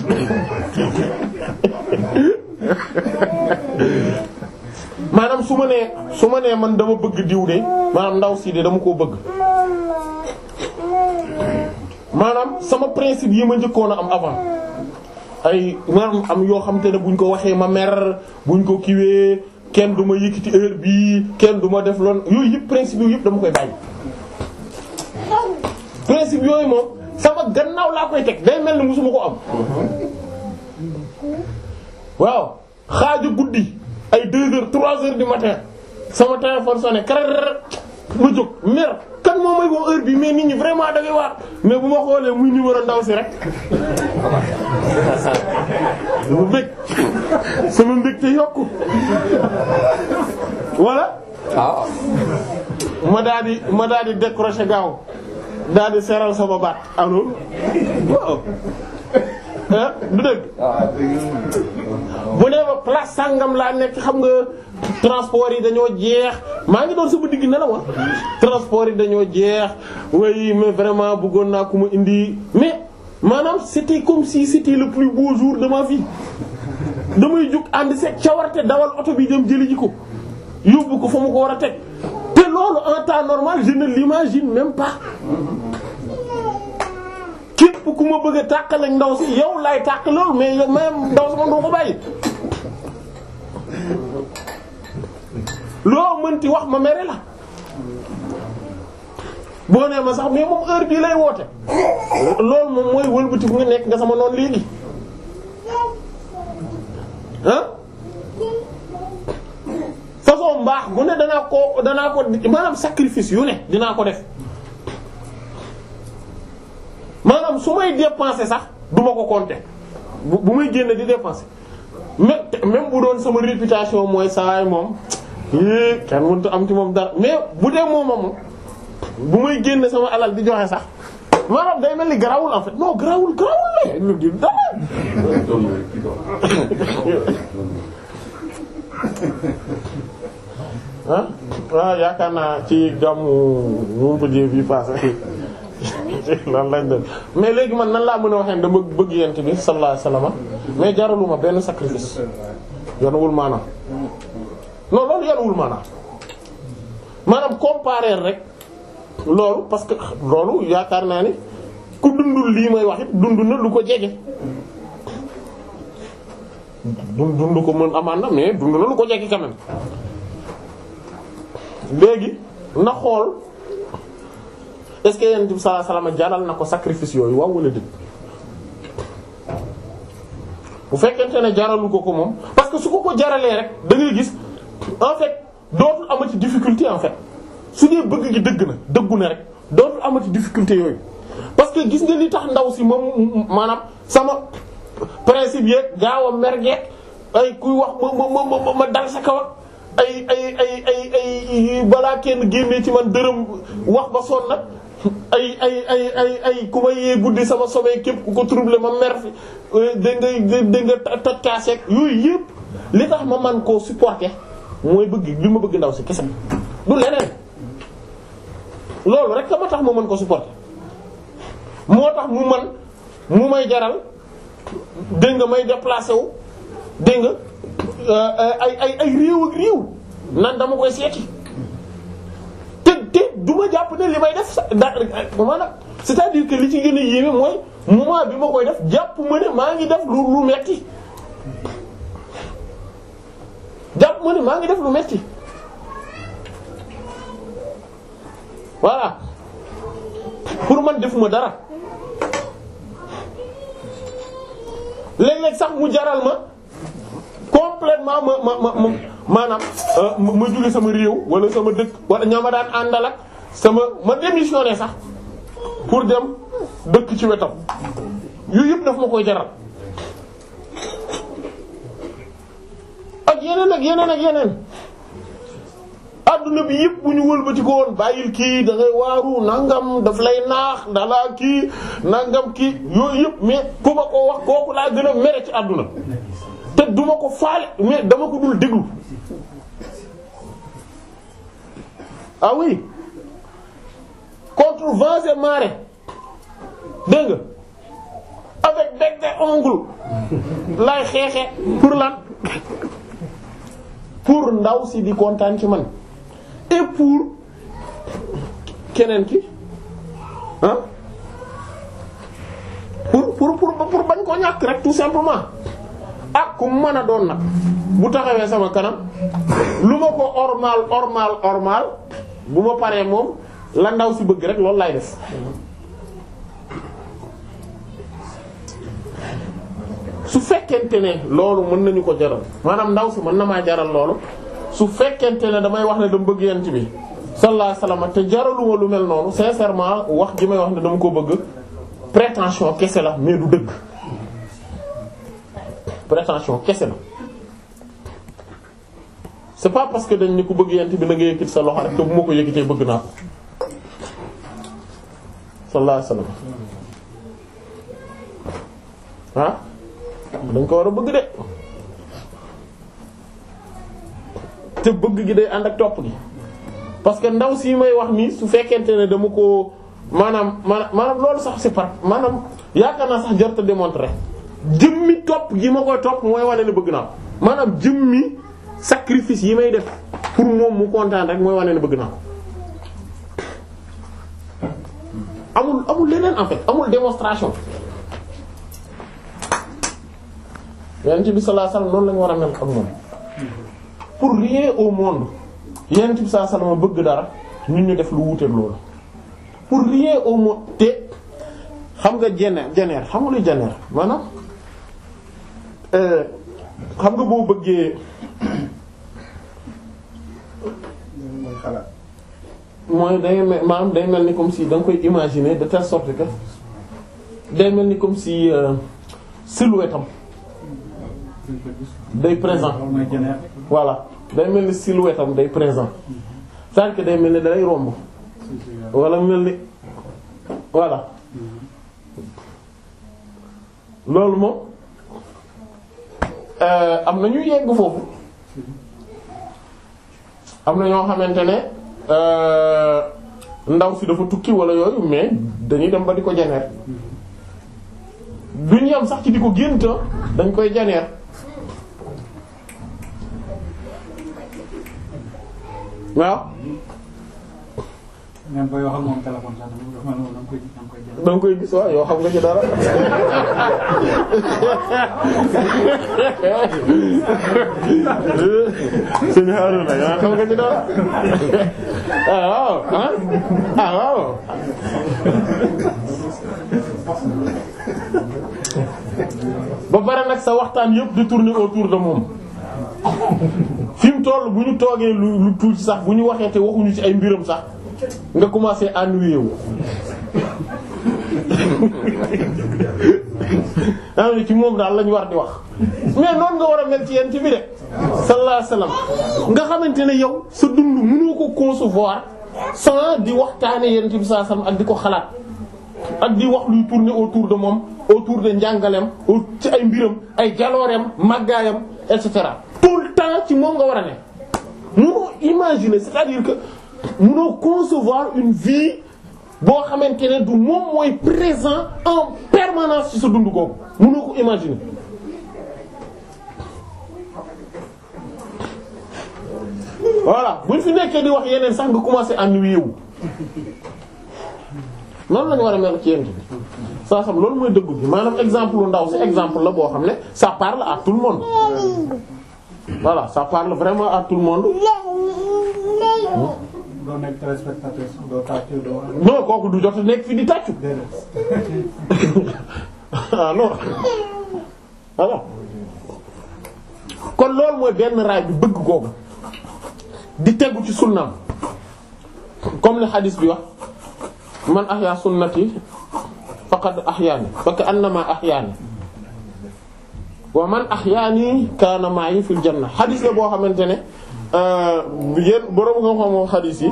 maanaam su ma nee su ma nee man dama bëgg diw de maanaam ndaw sii de dama koo bëgg maanaam sama principe yi ma njëkkoon a am avant ay maanaam am yoo xam te ne buñ ko waxee ma mer buñ ko kiwee. kenn du ma yëkkati heure bii kenn du ma def loolu yooyu yëpp principe yooyu yëpp dama koy bàyyi. principe yooyu moom sama gannaaw laa koy teg day mel ni musuma ko am. waaw xaaju guddi ay 2 heures 3 heures du matin sama téléphone sonné kar ma jóg mer kan moo may woo heure bi mais nit ñi vraiment da ngay waar mais bu ma xoolee muy numéro ndaw si rek mu bëgg sama mbégte yokku voilà ah. ma daal di ma daal di décroché gaaw daal di seral sa baat allo waaw du ah, bu ne ma place sàngam laa nekk xam nga transport yi dañoo jeex maa ngi doon sama digg nelaw la ah. transport yi dañoo jeex way mais vraiment bëggoon naa ku ma indi mais maanaam c'était comme si c'était le plus beau jour de ma damay jug ànd seeg cawarte dawal oto bi dem jëli ji ko yóbbu ko fa mu ko war a teg te loolu en temps normal je ne l'imagine même pas képp ku ma bëgg a tàqal ak ndaw si yow laay tàqalool mais même ndaw si man doo bàyyi loo mënti wax ma mere la boo nee ma sax mais moom heure bii lay woote loolu moom mooy wëlbati nga nekk nga sama noon léegi ah façon mbaax bu ne danaa ko danaa ko maanaam sacrifice yu ne dinaa ko def maanaam su may dépenser sax duma ko compter bu may génne di dépenser mais même bu doon sama réputation mooy saay moom kenn mënut am ci moom dara mais bu dee moom moom bu may génne sama alal di joxe sax maanaam day mel ni garawul en fait non di dara. ah waaw naa ci gàmmu mu ko jëf yi passé lan lañ doon mais léegi man nan laa mën a waxee dama bëgg yent bi sallallahu alayhi wasallam mais jaraluma benn sacrifice yoon wul non loolu yaruwul maanaam maanaam comparer rek loolu parce que loolu yaakaar naa ni ku dundul lii may wax it dund na lu ko jege dund dund ko mën amaan na mais dund na lu ko jege quand même léegi na xool est-ce que yonent bi jaral na ko sacrifice yooyu waaw wala déet bu fekkente ne jaralu ko ko moom parce que su ko ko jaralee rek da ngay gis. en fait dootul amati difficulté en fait su dee bëgg gi dëgg na dëggu na rek dootul amati difficulté yooyu parce que gis nga li tax ndaw si moom maanaam sama principe yeeg gaaw a mer ay kuy wax ma ma ma ma dal sa kaw ay ay ay ay ay balaa kenn génnee ci man dërëm wax ba sonn nag ay ay ay ay ay ku ma yee guddi sama sommeil képp ku ko trouble ma mer fi euh, da nga da yooyu yëpp li tax ma man koo supporter mooy bëgg bi ma bëgg ndaw si kese du leneen loolu rek la ma tax mu mën ko supporter moo tax mu man mu may jaral dégg nga may déplacé wu dégg nga euh, euh, ay ay ay réew ak réew nan dama koy seeti te te du ma jàpp ne li may def da maanaam c'est-à-dire que li ci gën a yéeme mooy moment bi ma koy def jàpp ma ne maa ngi def lu lu metti jàpp ma ne maa ngi def lu metti voilà pour man defuma dara léeg-léeg sax mu jaral ma complètement ma ma ma maanaam euh, ma ma jóge sama réew wala sama dëkk wala ñoo ma daan àndal ak sama ma démissionné sax pour dem dëkk ci wetam yooyu yëpp daf ma koy jaral. yeneen ak yeneen ak yeneen adduna bi yëpp bu ñu wëlbatikoo woon bàyyil kii da ngay waaru nangam daf lay naax dalaa kii nangam kii yooyu yëpp mais ku ma ko wax kooku laa gën a mere ci adduna te duma ko ko dul déglu ah avec bec et lay xeexe pour lan pour ndaw si di kontaan ci man et pour keneen ki pour pour pour pour bañ koo ñàkk rek tout simplement ak ah, ku mën a doon nag bu taxawee sama kanam lu ma ko ormal ormal ormal bu ma paree moom la ndaw si bëgg rek loolu lay def. su fekkente ne loolu mën nañu ko jaral maanaam ndaw si mën na maa jaral loolu su fekkente ne damay wax ne dama bëgg yent bi sallallahu alayhi wasallam te jaraluma lu mel noonu sincèrement wax ji may wax ne dama ko bëgg prétention kese la mais dëgg prétention kese la c'est pas parce que dañ ni ku bëgg yent bi na nga sa loxo rek te bu ma ko yëkkatee bëgg naa ko sallallahu alayhi wasallam ah dañ ko war a bëgg de te bëgg gi day ànd ak topp gi parce que ndaw si may wax nii su fekkente ne dama ko maanaam maanaam loolu sax c'est par maanaam yaakaar naa sax jot a démontrer jëmmi topp gi ma koy topp mooy wane ne bëgg naa ko maanaam jëmmi sacrifice yi may def pour moom mu kontaan rek mooy wane ne bëgg naa ko amul amul leneen en fait amul démonstration yonent bi sallallahu alayhi wasallam noonu la war a mel ak moom pour rien au monde yonent bi sallallahu alayhi wasallam bëgg dara ñu ñu def lu wuute loolu pour rien au monde te xam nga jeneer jeneer xam nga lu jeneer maanaam euh, xam nga boo bëggee mooy day mel maanaam day mel ni comme si da koy imaginer de telle sorte que day mel ni comme si euh, silhouette day présent voilà day mel ni silhouette day présent tànk day mel ni day romb wala mel ni voilà loolu moom euh, am na ñu yegg foofu am na ñoo xamante ne euh, ndaw si dafa tukki wala yooyu mais dañuy dem ba di ko janeer duñ yam sax ci di ko génta dañ koy janeer waaw. même koy gis waaw yoo xam nga ci dara. sëñ Harouna yoo xam nga ci dara ah, ah, ah, waaw ba pare nag sa waxtaan yépp di tourner autour de moom. toll bu ñu toogee lu lu tuuti sax bu ñu waxee te waxuñu ci ay mbiram sax nga commencé ennuyé wu. am ci moom daal lañ war di wax mais noonu nga war a mel ci yent bi de sallallahu alayhi wasallam nga xamante ne yow sa dund mënoo ko concevoir sans di waxtaane yent bi sallallahu alayhi wasallam ak di ko xalaat ak di wax luy tourner autour de moom autour de njàngaleem ci ay mbiram ay jalooreem màggaayam et cetera temps ci moom nga war a ne munoo imaginer c'est-à-dire que munoo concevoir une vie boo xamante ne du moom mooy présent en permanence ci sa dund googu munoo ko imaginer. voilà buñ fi nekkee di wax yeneen sax nga commencer ennuyé wu lañu war a mel ci yéen saa sam loolu mooy dëggu bi maanaam exemple lu ndaw si exemple la boo xam ne ça parle à tout le monde voilà ça parle vraiment à tout le monde. doo kooku du jot nekk fi di tàccu. ah non kon loolu mooy benn raay bi bëgg googu di tegu ci sunnaam comme le hadith bi wax man ahya sunnati faqad ahyani fa ka annama ahyani waa man ahyaani kaana ma'i fil janna xadis la boo xamante ne euh, yéen borom nga xamoo xadis yi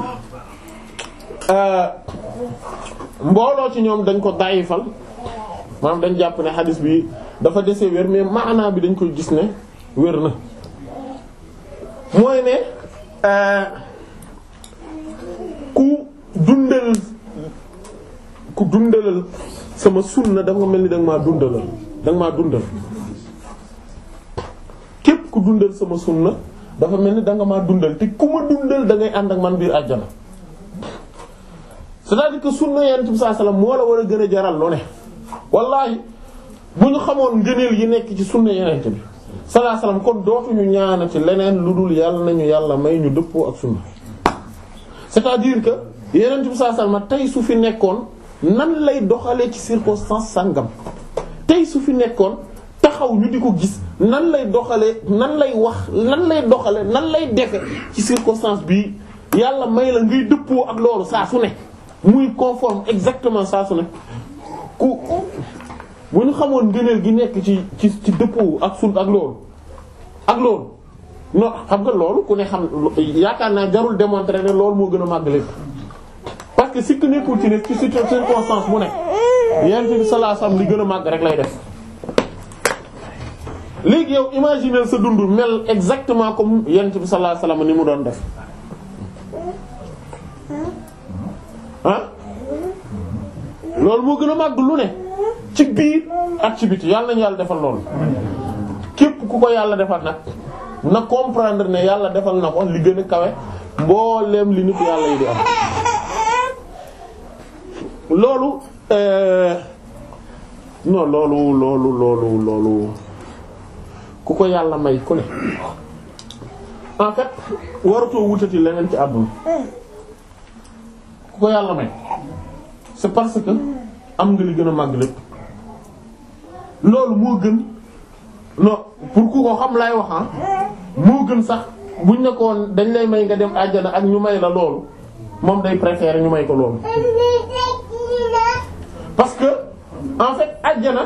euh, mbooloo ci ñoom dañ ko dayifal maanaam dañ jàpp ne xadis bi dafa dese wér mais maanaa bi dañ koy gis ne wér na mooy ne euh, ku dundal ku dundalal sama sunna da nga mel ni da nga maa dundalal da nga maa dundal képp ku dundal sama sunna dafa mel ni danga ma dundal te ku ma dundal da ngay ànd ak man biir àjjana c'est-à-dire que sunna yonent bi sallallahu alayhi moo la war a gën a jaral lu ne wallaahi bu ñu xamoon ngëneel yi nekk ci sunna yonent bi sallallahu alayhi wasallam kon dootuñu ñaanati leneen lu dul yàlla nañu yàlla may ñu dëppoo ak sunna c'est-à-dire que yonent bi sallallahu alayhi tey su fi nekkoon nan lay doxalee ci circonstance sàngam tey su fi nekkoon. taxaw ñu di ko gis nan lay doxalee nan lay wax nan lay doxale nan lay defe ci circonstance bi yàlla may la ngay dëppoo ak loolu saa su ne muy conforme exactement saa su ne ku bu ñu xamoon ngëneel gi nekk ci ci ci dëppoo ak sun ak loolu ak loolu non xam nga loolu ku ne xam yaakaar naa jarul démontrer ne loolu moo gën a màgg lépp parce que sikk nekkul ci ne ci circonstance mu ne yent bi sallallahu alayhi li gën a màgg rek lay def léegi yow imaginer sa dund mel exactement comme yonent bi sallallahu alayhi wasallam ni mu doon def ah loolu moo gën a màgg lu ne ci biir ak ci biti yàlla nañu yàlla defal loolu képp ku ko yàlla defal nag na comprendre ne yàlla defal na ko li gën a kawe mbooleem li nit yàlla yi di am loolu euh, non loolu loolu loolu ku ko yàlla may ku ne en fait waratoo wutati leneen ci àdduna ku ko yàlla may c'est parce que am nga li gën a màgg lépp loolu moo gën non pour ku ko xam laay wax ah moo gën sax buñ nekkoon dañ lay may nga dem àjjana ak ñu may la loolu moom day préférer ñu may ko loolu parce que en fait àjjana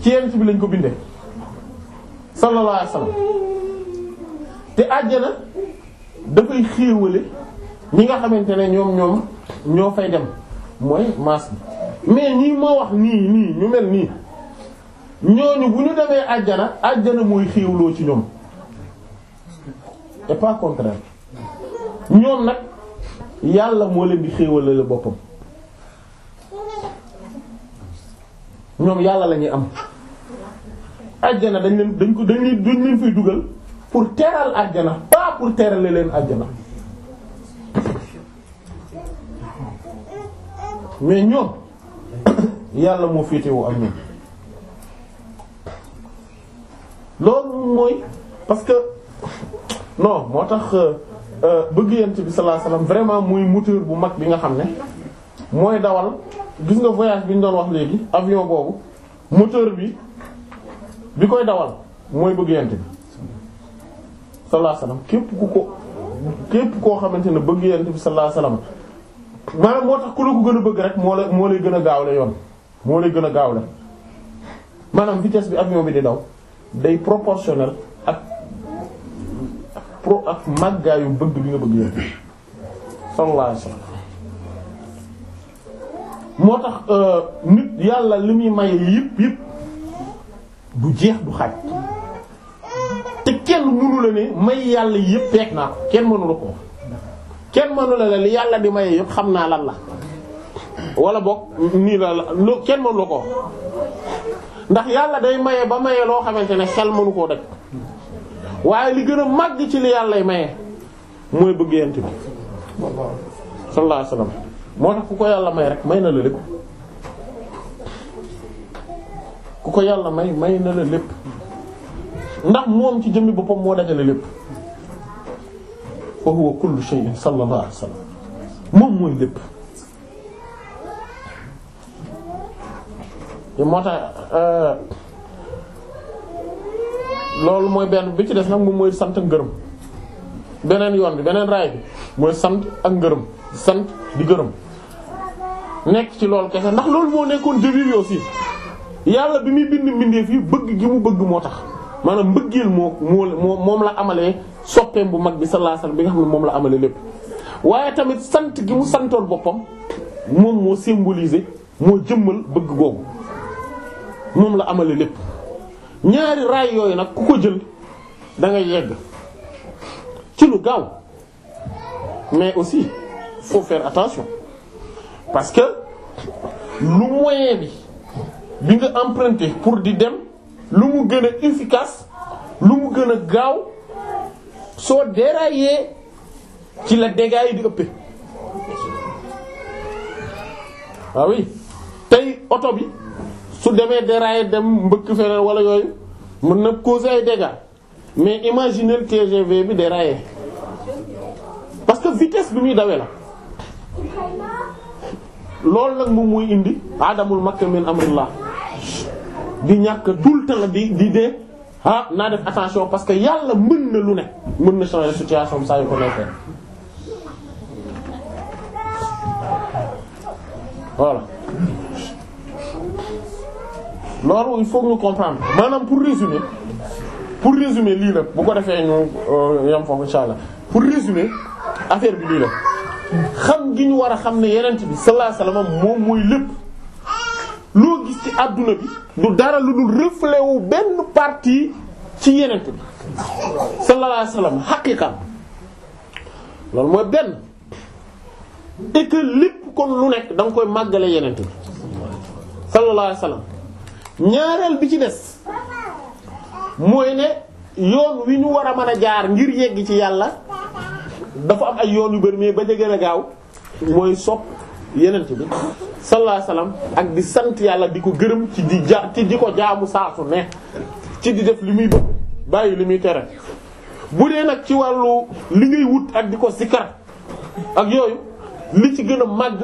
ci yenn bi lañ ko bindee. sallallahu alayhi wasallam te àjjana dafay xéewale ñi nga xamante ne ñoom ñoom ñoo fay dem mooy maas mais ñii moo wax nii nii ñu mel nii ñooñu bu ñu defee àjjana àjjana mooy xéewloo ci ñoom et pas contraire ñoom nag yàlla moo leen di xéewale la boppam ñoom yàlla lañuy am àjjana dañ leen dañ ko dañ leen dañ leen fay dugal pour teral àjjana pas pour terale leen àjjana mais ñoom yàlla moo féetewu am ñun loolu mooy parce que non moo tax euh, euh, bëgg yent bi sallallahu alayhi wasallam vraiment muy moteur bu mag bi nga xam ne mooy dawal gis nga voyage bi ñu doon wax léegi avion boobu moteur bi bi koy dawal mooy bëgg yent bi sallallahu alayhi képp ku ko koo xamante ne bëgg yent bi sallallahu maanaam moo tax ku gën a bëgg rek moo lay gën a gaawle yoon moo lay gën a gaawle maanaam vitesse bi avion bi di daw day proportionnel ak pro màggaayu bëgg bi nga bëgg yent bi sallallahu euh, nit yàlla li muy maye yëpp yëpp du jeex du xaaj te kenn mënu la may yàlla yëpp teg naa ko kenn mënu ko kenn mënu la ne li yàlla di maye yëpp xam naa lan la wala boog nii la loo kenn mënula ko ndax yàlla day maye ba maye loo xamante ne xel mënu koo daj waaye li gën a màgg ci li yàllay maye mooy bëgg yent bi sallallahu alayhi wasallam moo tax ku ko yàlla may rek may na la lépp ku ko yàlla may may na la lépp ndax moom ci jëmmi boppam moo dajale lépp fa huwa kullu shay'in sallallahu alayhi wasallam moom mooy lépp moo tax euh, loolu mooy benn bi ci def nag moom mooy sant ak ngërëm beneen yoon bi beneen raay bi mooy sant ak ngërëm sant di gërëm nekk ci loolu kese ndax loolu moo nekkoon début bi yàlla bi muy bind mbindeef yi bëgg gi mu bëgg moo tax maanaam mbëggeel moo moo moom la amalee soppeem bu mag bi sallallahu bi nga xam ne moom la amalee lépp waaye tamit sant gi mu santoon boppam moom moo symboliser moo jëmmal bëgg googu moom la amale lépp ñaari raay yooyu nag ku ko jël da ngay yegg ci lu gaaw mais aussi faut faire attention parce que lu moyen ni bi nga emprunté pour di dem lu mu gën a efficace lu mu gën a gaaw soo déraillé ci la dégâts yi di ëppee ah oui tey oto bi su demee déraillé dem mbëkk feneen wala yooyu mën na causer ay dégâts mais imaginez le TGV bi déraillé parce que vitesse bi muy dawee la loolu nag mu muy indi adamul makka min amrillah di ñàkk tout le temps di di dee ah naa def attention parce que yàlla mën na lu ne mën na changer situation saa yu ko nekkee voilà loolu il faut ñu comprendre maanaam pour résumer pour résumer lii la bu ko defee ñu euh, yam foofu insha allah pour résumer affaire bi lii la xam gi ñu war a xam ne yeneen bi sallallahu moom mooy lépp. loo gis ci àdduna bi du dara lu dul reflet benn parti ci yenent bi sallallahu alayhi wasallam loolu mooy benn et lépp kon lu nekk da nga koy màggale yenent bi sallallahu alayhi ñaareel bi ci des mooy ne yoon wi ñu war a mën a jaar ngir yegg ci yàlla dafa am ay yoon yu bari mais ba ca gën a gaaw mooy sopp yenent bi sallallahu alayhi ak di sant yàlla di ko gërëm ci di ko jaamu saasu ne ci di def li muy bëgg bàyyi li muy tere bu dee nag ci wàllu li ngay wut ak di ko sikkar ak yooyu li ci gën a màgg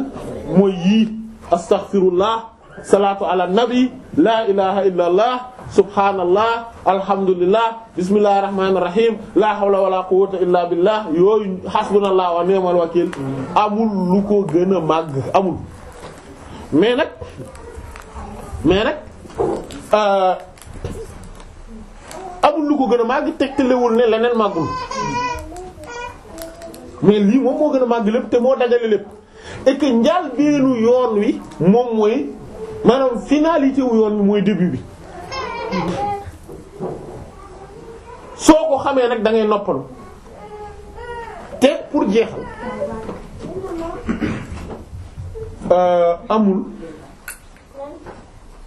mooy yii astaghfirullah salaatu ala nabi laa ilaha illa allah alhamdulillah bismillahi rahmaani rahim laa hawla wala quwwata illa billah yooyu hasbunallah wa ni'mal wakiil amul lu ko gën a màgg amul mais nag mais nag euh, amul lu ko gën a màgg tegtalewul ne leneen màggul mais lii moom moo gën a màgg lépp te moo dajale lépp et njaal beenu yoon wi moom mooy maanaam finalité wu yoon mooy début bi soo ko xamee nag dangay noppalu te pour jeexal euh, amul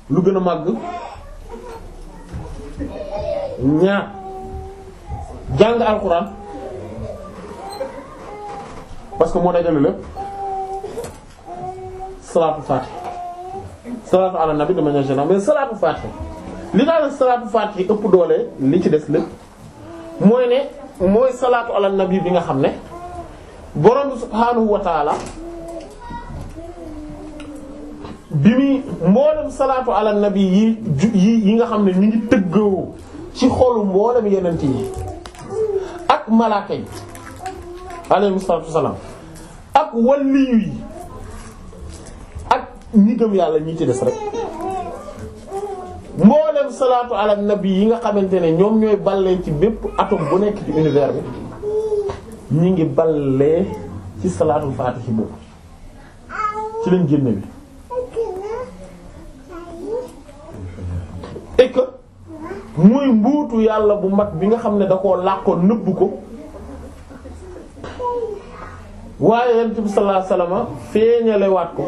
lu gën a màgg ñaar jàng alxuraan parce que moo dajale lépp salaatu faatiha salaatu ala nabi de manière générale mais salaatu faatihi li daal salaatu faatihi ëpp doole li ci des lépp mooy ne mooy salaatu ala nabi bi nga xam ne borom bi subhaanahu bi muy mboolem salaatu ala nabi yi yi nga xam ne ñu ngi tëggoo ci xolu mboolem yenent yi ak malaaka yi alayhi salaatu salaam ak waliyu yi ñi yàlla ñi ci des rek mboolem salaatu ala nabi yi nga xamante ne ñoom ñooy ballee ci bépp atome bu nekk ci univers bi ñu ngi ballee ci salaatul faatihi boobu ci lañ génne bi et que muy mbuutu yàlla bu mag bi nga xam ne da koo làqoo nëbbu ko waaye yonent bi sallallahu alayhi feeñalewaat ko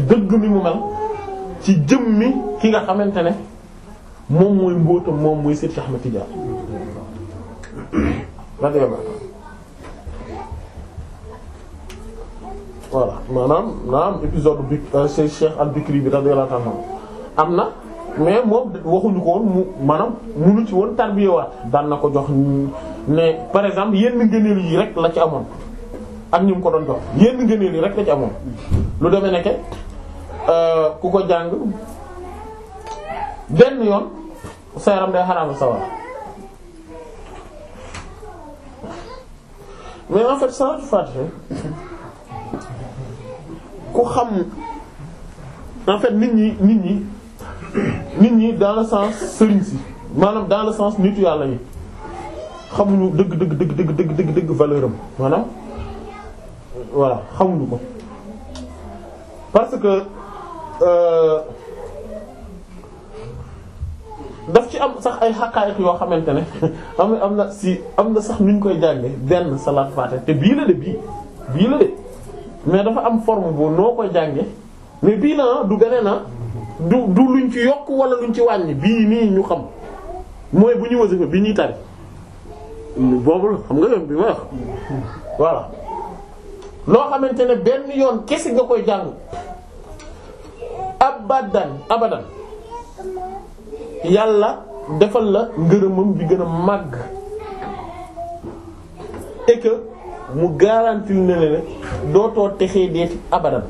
ci dëgg mi mu mel ci jëm mi ki nga xamante ne moom mooy mbóotam moom mooy ci Ahmad Tijaan voilà maanaam naam épisode bi euh, Cheikh al-Bikri bi radiyallahu anhu am na mais moom waxuñu ko woon mu maanaam munu ci woon tarbiyewaat daan na ko jox ne par exemple yenn ngëneel yi rek la ci amoon ak ñu mu ko doon jox yenn ngëneel yi rek la ci amoon lu demee nekke Euh, ku ko jàng benn yoon sa yaram day xaraama sawar mais en fait salaatu fatiha ku xam en fait nit ñi nit ñi nit ñi dans le sens sëriñ si maanaam dans le sens nitu yàlla yi xamuñu dëgg dëgg dëgg dëgg dëgg dëgg dëgg valeur am maanaam voilà xamuñu ko parce que Euh, daf ci am sax ay xaqaayiq yoo xamante ne am na am na si am na sax nuñ koy jànge benn salaat faate te bii la de bii bii la de mais dafa am forme bu noo koy jànge mais bii du beneen na ah. du du luñ ci yokk wala luñ ci wàññi bii nii ñu xam mooy bu ñu wasifa bi ñuy tari boobu la xam nga yoon bi ma wax voilà loo xamante ne benn yoon kese nga koy jàng abadan abadan yàlla defal la ngërëmam bi gën a màgg et que mu garantil ne le ne dootoo texee deeti abadan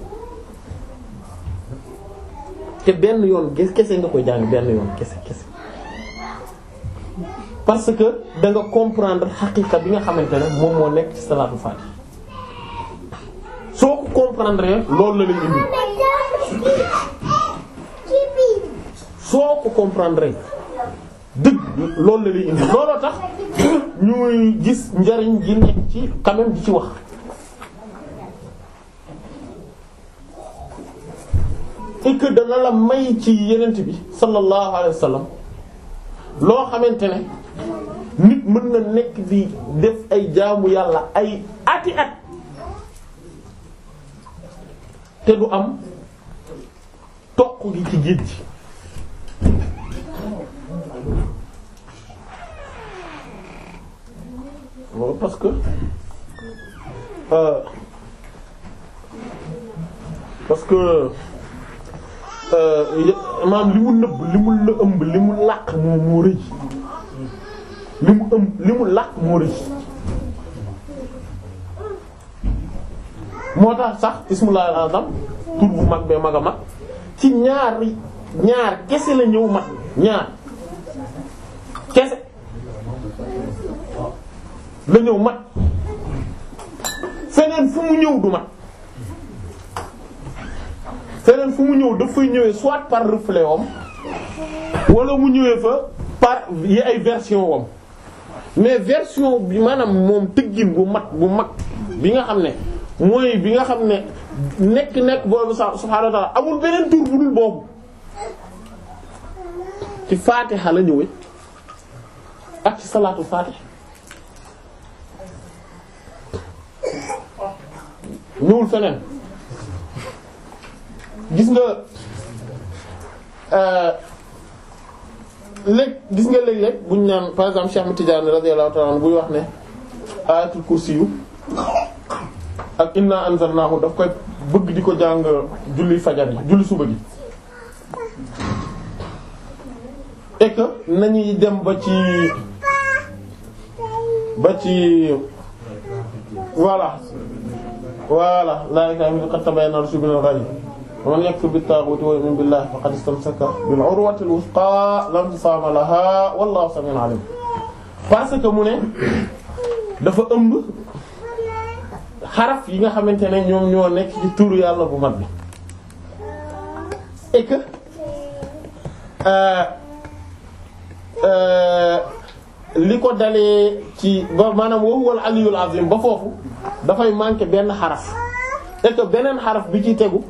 te benn yoon kese nga koy jàng benn yoon kese parce que da nga comprendre xaqiqa bi nga xamante ne moom moo nekk ci salaatul faatiha soo ko comprendre loolu la lay indi soo ko comprendre dëgg tax ñuy gis njariñ ji nekk ci quand même di ci wax et que dana la may ci yenent bi sallallahu alayhi wa loo xamante ne nit mën na nekk di def ay jaamu yàlla ay ati at te lu am toq gi ci géej gi parce que euh, parce que euh, maanaam li mu nëbb li mu la ëmb li mu làq moo rëy li mu ëmb li mu làq moo rëy moo tax sax ismullaahil azam tur bu mag bee mag a mag ci ñaar ñaar kese la ñëw mag ñaar kese la ñëw mag feneen fu mu ñëw du mag feneen fu mu ñëw dafay ñëwee soit par reflet wam wala mu ñëwee fa par yi ay version wam mais version bi maanaam moom tëggin bu mag bu mag bi nga xam ne mooy bi nga xam ne nekk nekk boobu subhaanahu wa ta'ala amul beneen tur bu dul boobu ci faate la ñëwee ak ci salaatu faatiha ñëwul feneen gis nga euh, léeg gis nga léeg-léeg buñ naan par exemple Cheikh Tidiane radiyallahu ta'ala buy wax ne ayatul kursi yu ak inna anzalnaahu daf koy bëgg di ko jàng julli fajar yi julli suba gi et nañuy dem ba ci ba ci voilà voilà laa ikraaha fiid-diin qad tabayyana rushdu minal ghayy wa man yakfur bit-taaghut wa yu'min billahi faqad istamsaka bil-'urwatil wuthqaa laa infisaama lahaa wallaahu samii'un 'aliim parce que mu ne dafa ëmb xaraf yi nga xamante ne ñoom ñoo nekk ci turu yàlla bu mat bi et euh, euh, li ko dalee ci ba maanaam wa huwal aliyul azim ba foofu dafay manquer benn xaraf et que beneen xaraf bi ci tegu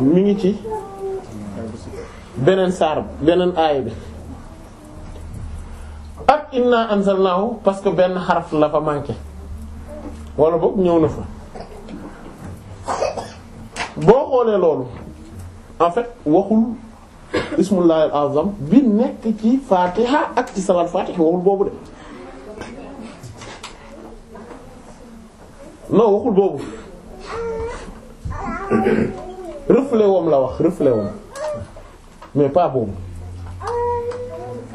mu ngi ci beneen saar beneen aaya bi ak inna anzalnahu parce que benn xaraf la fa manquer wala boobu ñëw na fa boo xoolee loolu en fait waxul ismullahi al-azam bi nekk ci fatiha ak ci salal fatiha waxul boobu de non waxul boobu reflet la wax reflet wom mais pas boobu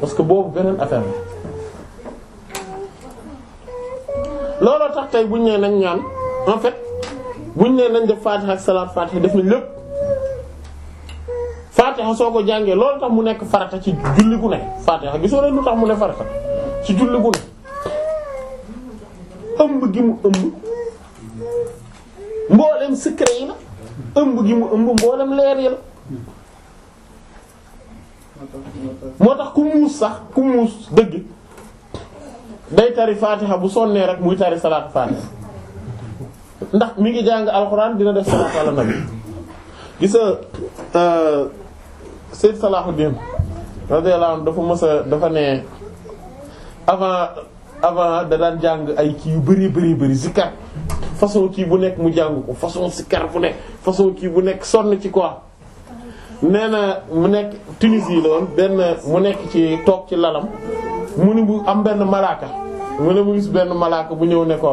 parce que boobu beneen affaire la looloo tax tey buñ nee nañ ñaan en fait buñ nee nañ def faatiha ak salaat faatiha def nañ lépp faatiha soo ko jàngee loolu tax mu nekk farata ci julli gu ne faatiha gisoo leen lu tax mu ne farata ci julli gu ne ëmb gi mu ëmb mboolem secret yi la ëmb gi mu ëmb mboolem leer yi la moo tax ku muus sax ku muus dëgg day tari faatiha bu sonnee rek muy tari salaatu faatiha ndax mi ngi jàng alxuraan dina def salaatu ala nabi gis nga euh, Sayyid Salahuddin radiyallahu anhu dafa mës dafa ne avant avant da daan jàng ay kii yu bari bari bari zikar façon kii bu nekk mu jàng ko façon zikar bu nekk façon kii bu nekk sonn ci quoi nee na mu nekk Tunisie la benn mu nekk ci toog ci lalam. mu ni bu am benn malaaka mu ne mu gis benn malaaka bu ñëw ne ko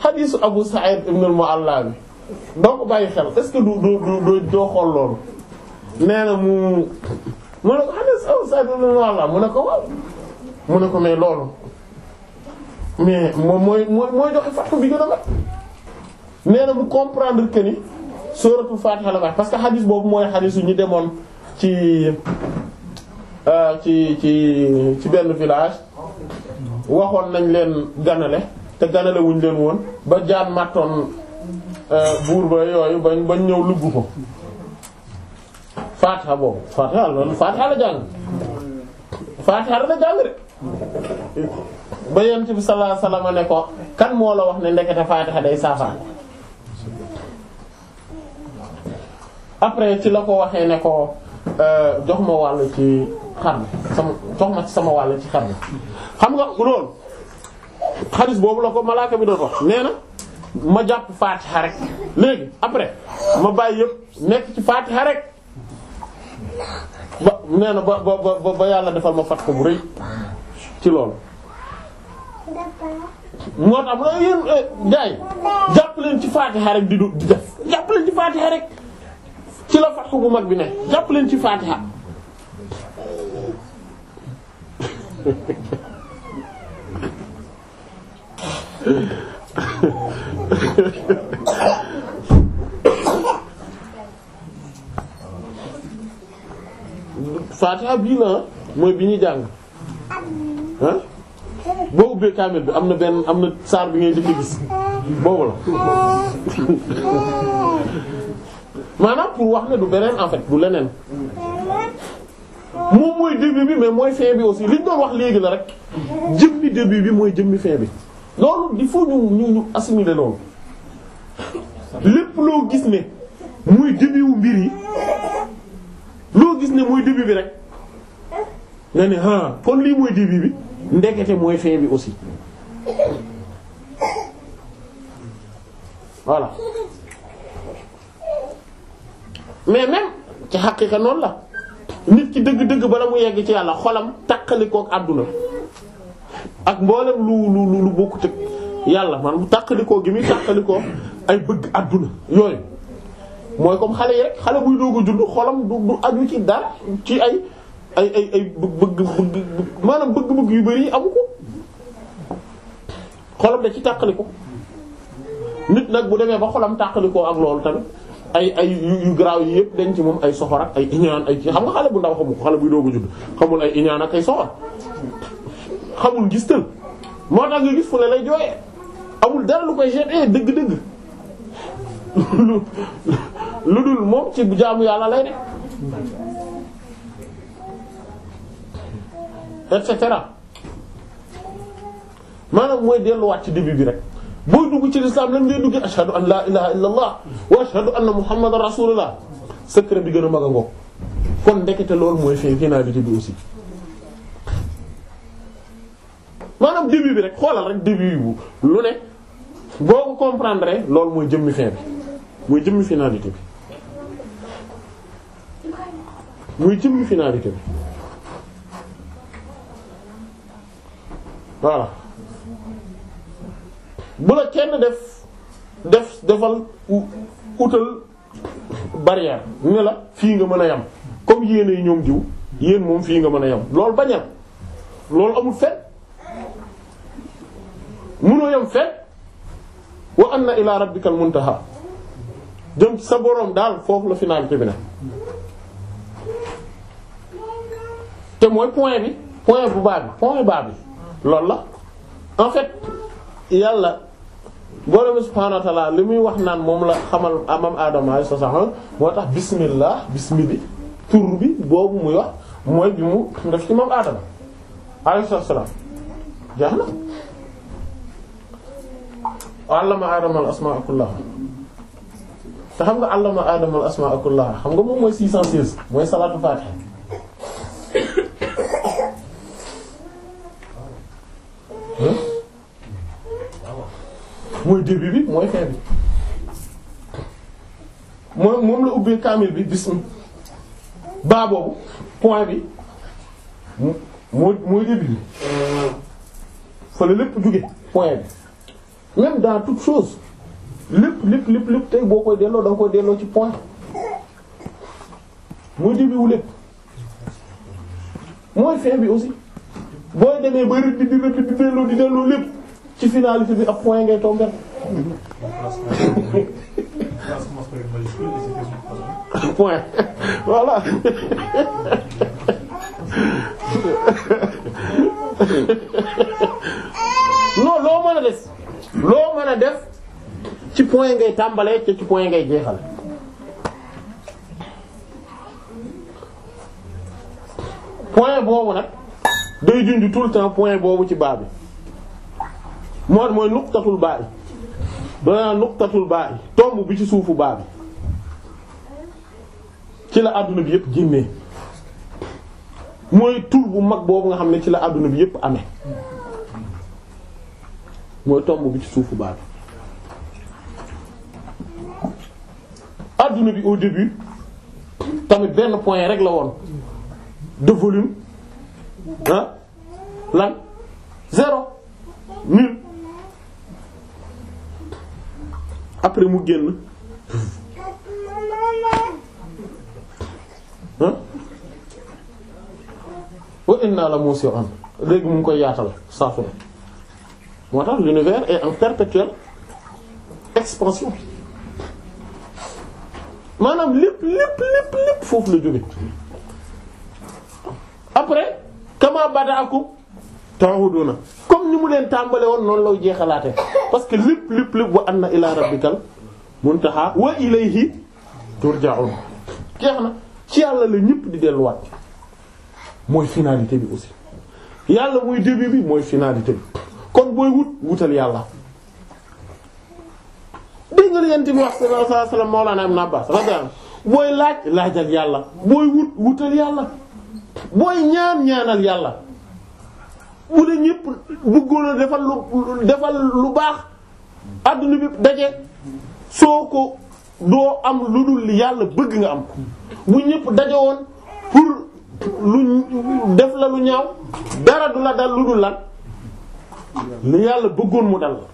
xadiisu eh, Abu Sa'id ibn al-Mu'alla bi doo ko bàyyi xel est-ce que du du doo xool loolu nee na mu mu ne ko xadiisu ko ne loolu mais moom mooy mooy mooy joxe fatxu bi gën a mag nee na mu comprendre que ni sóoratu Faatiha la wax parce que xadis boobu mooy xadisu ñi demoon ci Euh, ci ci ci benn village waxoon nañ leen ganale te ganale leen woon ba jaan màttoon euh, buur ba yooyu bañ bañ ñëw lugg ko faatiha boobu faatiha la jàng faatiha la jàng de ba yent bi sallallahu alayhi wasallam ne ko kan moo la wax ne ndekete faatiha day saafaan après ci la ko waxee ne ko Euh, jox ma wàll ci xar bi sama jox ma ci sama wàll ci xar bi xam nga loolu xadis boobu la ko ma malaaka bi doon wax nee na ma jàpp faatixa rek léegi après ma bàyyi yëpp nekk ci faatixa rek ba nee na ba ba ba yàlla defal ma fat ko bu rëy ci loolu moo tax ma yéen eh, gaay jàpp leen ci faatixa rek di du di def jàpp leen ci faatixa rek ci la fatxu bu mag bi ne jàpp leen ci faatiha faatiha bii la mooy bi ñu jàng ah boo ubbee kaamil bi am na benn am na saar bi ngay njëkk a gis boobu la maanaam pour wax ne du beneen en fait du leneen moom mooy début bi mais mooy fin aussi liñ doon wax léegi la rek jëmmi début bi mooy jëmmi fin bi loolu il faut ñu ñu assimile assimiler loolu lépp loo gis ne muy début mbir yi loo gis ne mooy début bi rek nga ne ah kon lii mooy début bi ndekete mooy fin bi aussi voilà mais même ci xaqiqa noonu la nit ci dëgg-dëgg bala mu yegg ci yàlla xolam takkalikook àdduna ak mboolem lu lu lu bokku tëg yàlla man mu takkalikoo gi muy takkalikoo ay bëgg àdduna yooyu mooy comme xale yi rek xale buy doog a judd xolam du du aju ci dara ci ay ay ay ay bëgg bëgg maanaam bëgg-bëgg yu bari amu ko xolam da ci takkalikoo nit nag bu demee ba xolam takkalikoo ak loolu tamit ay ay yu garaaw yi yëpp dañ ci moom ay soxor ay iñaan ay xam nga xale bu ndaw xamu ko xale buy doog a judd xamul ay iñaan ak ay soxor xamul gis moo tax nga gis fu ne lay jooyee amul dara lu koy gêner eh, dëgg-dëgg lu lu dul moom ci bu jaamu yàlla lay ne et cetera maanaam mooy delluwaat ci début bi rek boo dugg ci lislaam lan ngay dugg ashhadu an laa ilaha illa allah wa ashhadu anna muhammadan rasulullah secret bi gën a mag a ngoog kon ndekete loolu mooy fee finalité bi aussi maanaam début bi rek xoolal rek début bu lu ne boo ko comprendre loolu mooy jëmmi fin bi mooy jëmmi finalité bi muy jëmmi finalité bi voilà bu la kenn def def defal utal barrière ne la fii nga mën a yem comme yéen ay ñoom jiw yéen moom fii nga mën a yem lool bañal loolu amul fen mënoo yem fen na anna ila rabbikal muntaha jëm sa boroom daal foofu la finalité bi na te mooy point bi point bu baax bi point baax bi loolu la en fait yàlla borom subhaanahu wa ta'aala li muy wax naan moom la xamal amam aadama ay sa saxoon moo tax bismillah bismi bi bi boobu muy wax mooy bi mu def ci moom aadama alayhi salaam jeex na allama aadama al asmaa kullaha te xam nga allama aadama al asmaa kullaha xam nga moom mooy 616 mooy salaatu faatiha mooy début bi mooy fin bi moom moom la ubbee kaamil bi bismi baa boobu point bi moo mooy début bi fa la lépp jóge point bi même dans toute chose lépp lépp lépp lépp tey boo koy delloo da nga koy delloo ci point mooy début lépp mooy fin bi aussi booy demee ba rëdd di rëdd di delloo di delloo lépp ci finalité bi ab point ngay tombé. point voilà non loo mën a def loo mën a def ci point ngay tàmbalee te ci point ngay jeexal point boobu nag day junj tout le temps point boobu ci baa bi mooy mooy nuqtatul baa yi dana nuqtatul baa yi tomb bi ci suufu baa bi ci la àdduna bi yëpp génnee mooy tur bu mag boobu nga xam ne ci la àdduna bi yëpp amee mooy tomb bi ci suufu baa bi àdduna bi au début tamit benn point rek la woon de lan zéro mille après mu génn wa inna la musi'un léegi mu ngi koy yaatal saafu na moo tax l'univers est en perpétuelle expansion maanaam lépp lépp lépp lépp foofu la jóge après kama bada'akum na comme ni mu leen tàmbale woon noonu lay jeexalaate parce que lépp lépp lépp wa anna ila rabbikal muntaha wa ilayhi turja'un jeex na ci yàlla la ñëpp di delluwaat mooy finalité bi aussi yàlla muy début bi mooy finalité bi kon booy wut wutal yàlla dégg nga yent bi wax sallallahu alayhi wasallam mawlana ibn abbas radiyallahu booy laaj laajal yàlla booy wut wutal yàlla booy ñaan ñaanal yàlla bu dee ñëpp bëggoon a defal lu defal lu baax adduna bi daje soo ko doo am lu dul yàlla bëgg nga am ko bu ñëpp daje woon pour lu def la lu ñaaw dara du la dal lu dul lan lu yàlla bëggoon mu dal la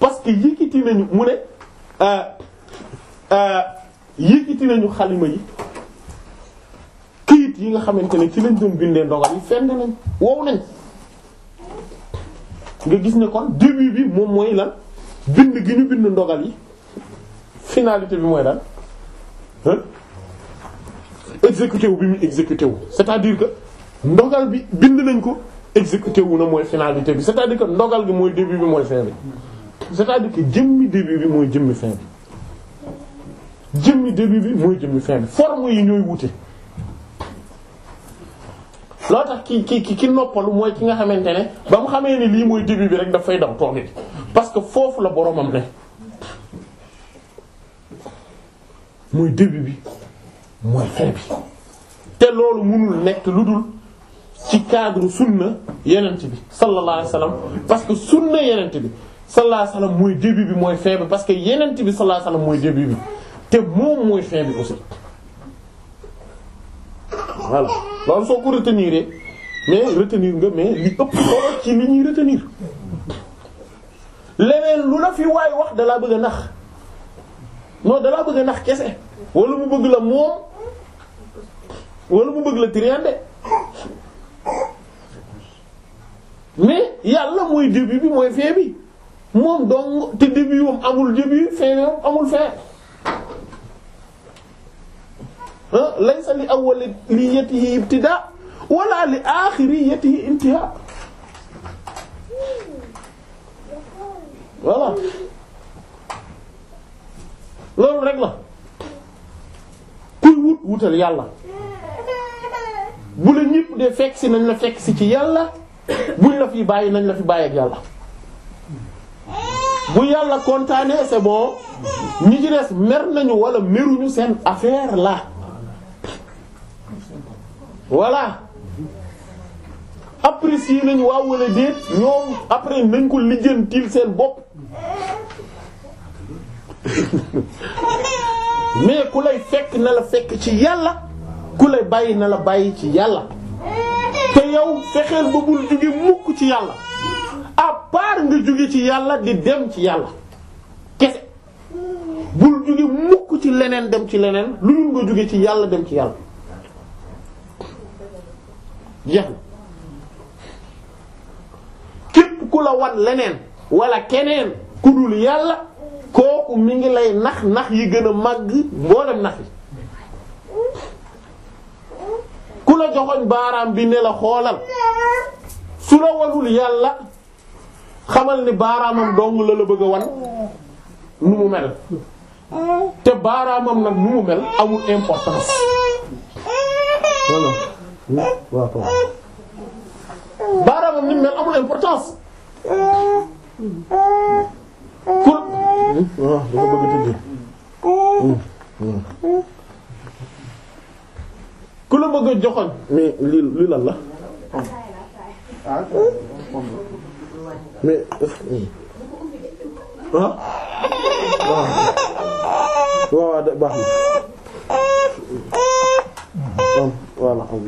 parce que yëkkati nañu mu ne euh, euh, yëkkati nañu xalima yi këyit yi nga xamante ne ci lañ doon bindee ndogal yi fenn nañ wow nañ nga gis ne kon début bi moom mooy lan bind gi ñu bind ndogal yi finalité bi mooy lan exécuté wu bi mu exécuté wu c'est-à-dire que ndogal bi bind nañ ko exécuté wu na mooy finalité bi c'est-à-dire que ndogal bi mooy début bi mooy fin bi c'est-à-dire que jëmmi début bi mooy jëmmi fin bi jëmmi début bi mooy jëmmi fin bi forme yi ñooy wute loo tax ki ki ki noppalu mooy ki nga xamante ne ba mu xamee ne lii mooy début bi rek dafay fay daw toog parce que foofu la boromam ne mooy début bi mooy fin te loolu mënul nekk lu dul ci cadre sunna yenent bi sallallahu alayhi wasallam parce que sunna yenent bi sallallahu alayhi wasallam mooy début bi mooy fin bi parce que yenent bi salaa alayhi mooy début bi te moom mooy fin bi aussi voilà loolu soo ko retenir mais retenir nga mais li ëpp solo ci li ñuy retenir leneen lu la fi waay wax dalaa bëgg a nax non dalaa bëgg a nax kese wala mu bëgg la moom wala mu bëgg la triande mais yàlla mooy début bi mooy fin bi moom donc te début wam amul début fin amul fin laysa li awwaliyatihi ibtidaa wala li aaxiriyatihi intihaa voilà loolu rek la kuy wut wutal yàlla bu la ñëpp de fekk si nañ la fekk si ci yàlla buñ la fi bàyyi nañ la fi bàyyi ak yàlla bu yàlla kontaanee c'est bon ñi ci des mer nañu wala meruñu seen affaire la voilà apprécier nañ waaw wala déet ñoom après nañ ko lijjantil seen bopp mais ku lay fekk na la fekk ci yàlla ku lay bàyyi na la bàyyi ci yàlla te yow fexeel ba bul jóge mukk ci yàlla à nga jóge ci yàlla di dem ci yàlla kese bul jóge mukk ci leneen dem ci leneen lu dul nga jugee ci yàlla dem ci yàlla jeex na képp ku la wan leneen wala keneen ku dul yàlla kooku mi ngi lay nax nax yi gën a màgg mboolem nax yi ku la joxoñ baaraam bi ne la xoolal su la wanul yàlla xamal ni baaraamam dong la la bëgg a wan nu mu mel te baaraamam nag nu mu mel amul importance waaw waaw baaraamam ni mel amul importance. kur. waaw bëgg a ku la bëgg a mais lii lii la. mais. ah. ah. baax na. voilà ku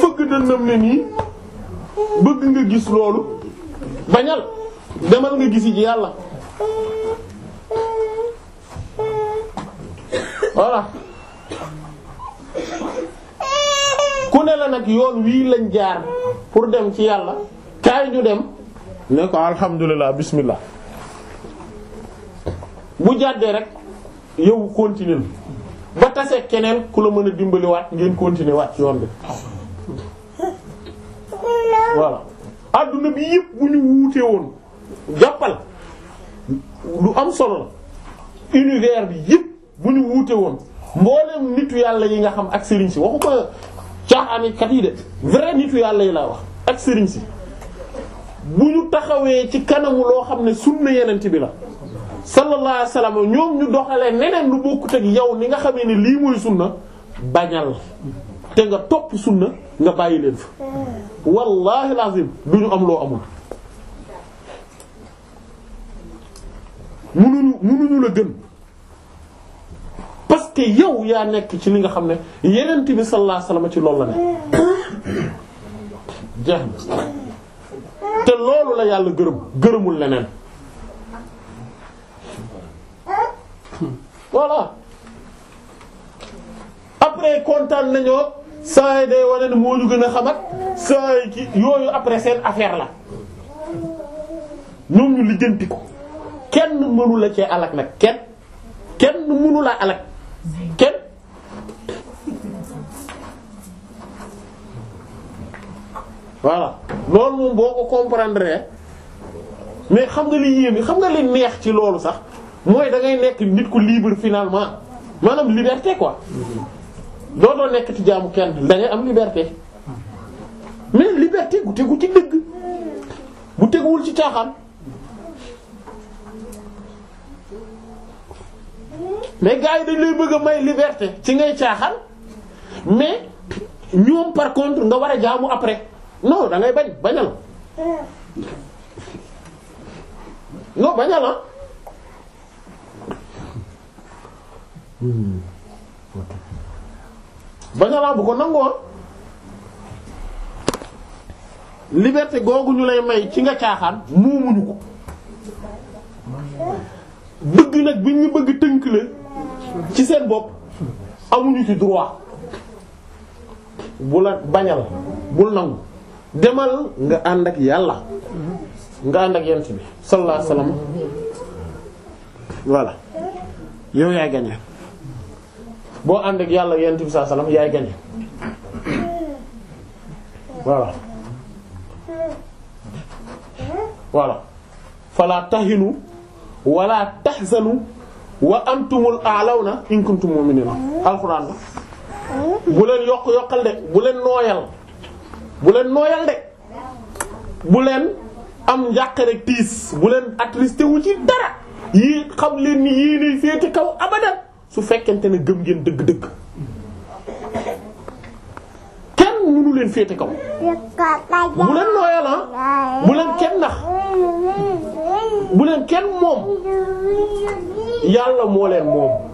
fëgg dënnam ne nii bëgg nga gis loolu bañal demal nga gisi ji yàlla voilà ku ne la nag yoon wii lañ jaar pour dem ci yàlla kaay ñu dem ne ko alhamdulilah bismillah bu jàddee rek yow continuer ba tase keneen ku la mën a dimbaliwaat ngeen continuer waat yoon bi voilà adduna bi yëpp bu ñu wuute woon jàppal lu am solo la univers bi yëpp bu ñu wuute woon mboolem nitu yàlla yi nga xam ak sëriñ si waxu ko caaxaani kat yi de vrai nitu yàlla yi laa wax ak sëriñ si bu ñu taxawee ci kanamu loo xam ne sunna yenent bi la sallallahu alayhi wa sallam ñoom ñu doxalee neneen lu bokkut ak yow ni nga xamee ne lii mooy sunna bañal te nga topp sunna nga bàyyi leen fa wallahi lazim du ñu am loo amul munuñu munuñu la gën parce que yow yaa nekk ci li nga xam ne yenent bi sallallahu alayhi ci loolu la ne te loolu la yàlla gërëm gërëmul leneen voilà après kontaan nañoo saa yi day wane ne moo ñu gën a xamat saa yi ki yooyu après seen affaire la ñoom ñu lijjanti ko kenn mënu la cee alak nag kenn kenn mënu la kenn. voilà loolu moom boo ko comprendre mais xam nga li yéeme xam nga li neex ci loolu sax. mooy da ngay nekk nit ku libre finalement maanaam liberté quoi mm-hmm. doo doo nekk ci jaamu kenn da ngay am liberté mais liberté gu tegu ci dëgg bu teguwul ci caaxaan mais gars yi dañ lay bëgg a may liberté ci ngay caaxal mais ñoom par contre nga war a jaamu après non da ngay bañ bañal eh. non bañal ah. Hmm. bañalaa bu ko nangoon liberté googu ñu lay may ci nga caaxaan muumuñu ko bëgg nag bi ñu bëgg tënk leen ci seen bopp amuñu ci droit bu la bañal bul nangu demal nga ànd ak yàlla nga ànd ak yent bi sallallahu alayhi wasallam yow yaa gañe boo ànd ak yàlla yonent bi sallallahu alayhi wasallam yaay gañe voilà voilà fala tahinu wala tahzanu wa antumul a'lawna in kuntum mu'minin alxuraan la bu leen yokk yokkal de bu leen nooyal bu leen nooyal de bu leen am njàqare tiis bu leen attristé wu ci dara yii xam leen ni yéenay féete kaw abadan su fekkente ne gëm ngeen dëgg-dëgg kenn mënu féete kaw bu leen nooyal ah bu leen kenn ndax bu leen kenn moom yàlla moo leen moom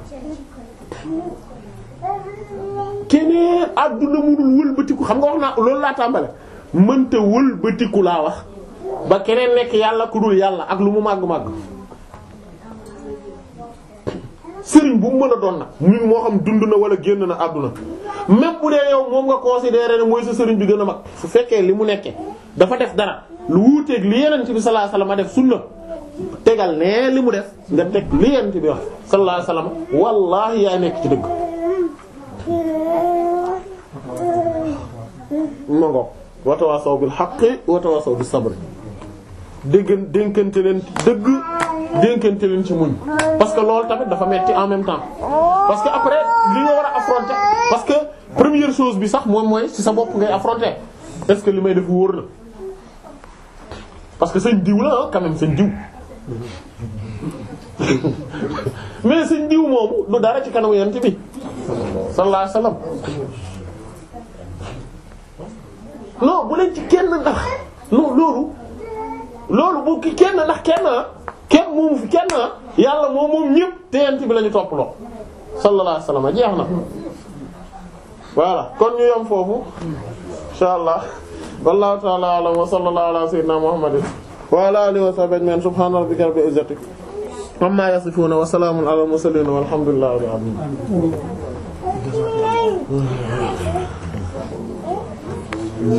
keneen àdduna mënul wëlbatiku xam nga wax naa loolu laa tàmbale mënta wëlbatiku laa wax ba keneen nekk yàlla ku dul yàlla ak lu mu màgg-màgg sëriñ bu mu mën a doon nag ñun moo xam dund na wala génn na àdduna même bu dee yow moom nga considéré ne mooy sa sëriñ bi gën a mag su fekkee li mu nekkee dafa def dara lu wuuteeg li yonent bi sallallahu alayhi wasallam def sunna tegal nee li mu def nga teg li yonent bi wax sallallahu alayhi wasallam wallaahi yaay nekk ci dëgg. ma ngoog wa tawaasaw bil haqqi wa tawaasaw bis sabr dégg leen dëgg. dénkante leen ci muñ parce que loolu tamit dafa metti en même temps parce que après li nga war a affronter parce que première chose bi sax moom mooy si sa bopp ngay affronter est-ce que li may def wóor na parce que sëñ diw la ah, quand même sëñ diw mais sëñ diw moomu du dara ci kanamu yent bi sallallahu alayhi wasallam non bu leen ci kenn ndax loolu loolu bu ki kenn ndax kenn ah. kenn moomu kenn ah yàlla moom moom ñëpp teent bi la ñu topp loo sallallahu alayhi wasallam jeex na voilà kon ñu yom foofu insha allah wallahu ta'ala wa sallallahu ala sayyidina muhammadin wa ala alihi wa sahbihi ajma'in wa salamun ala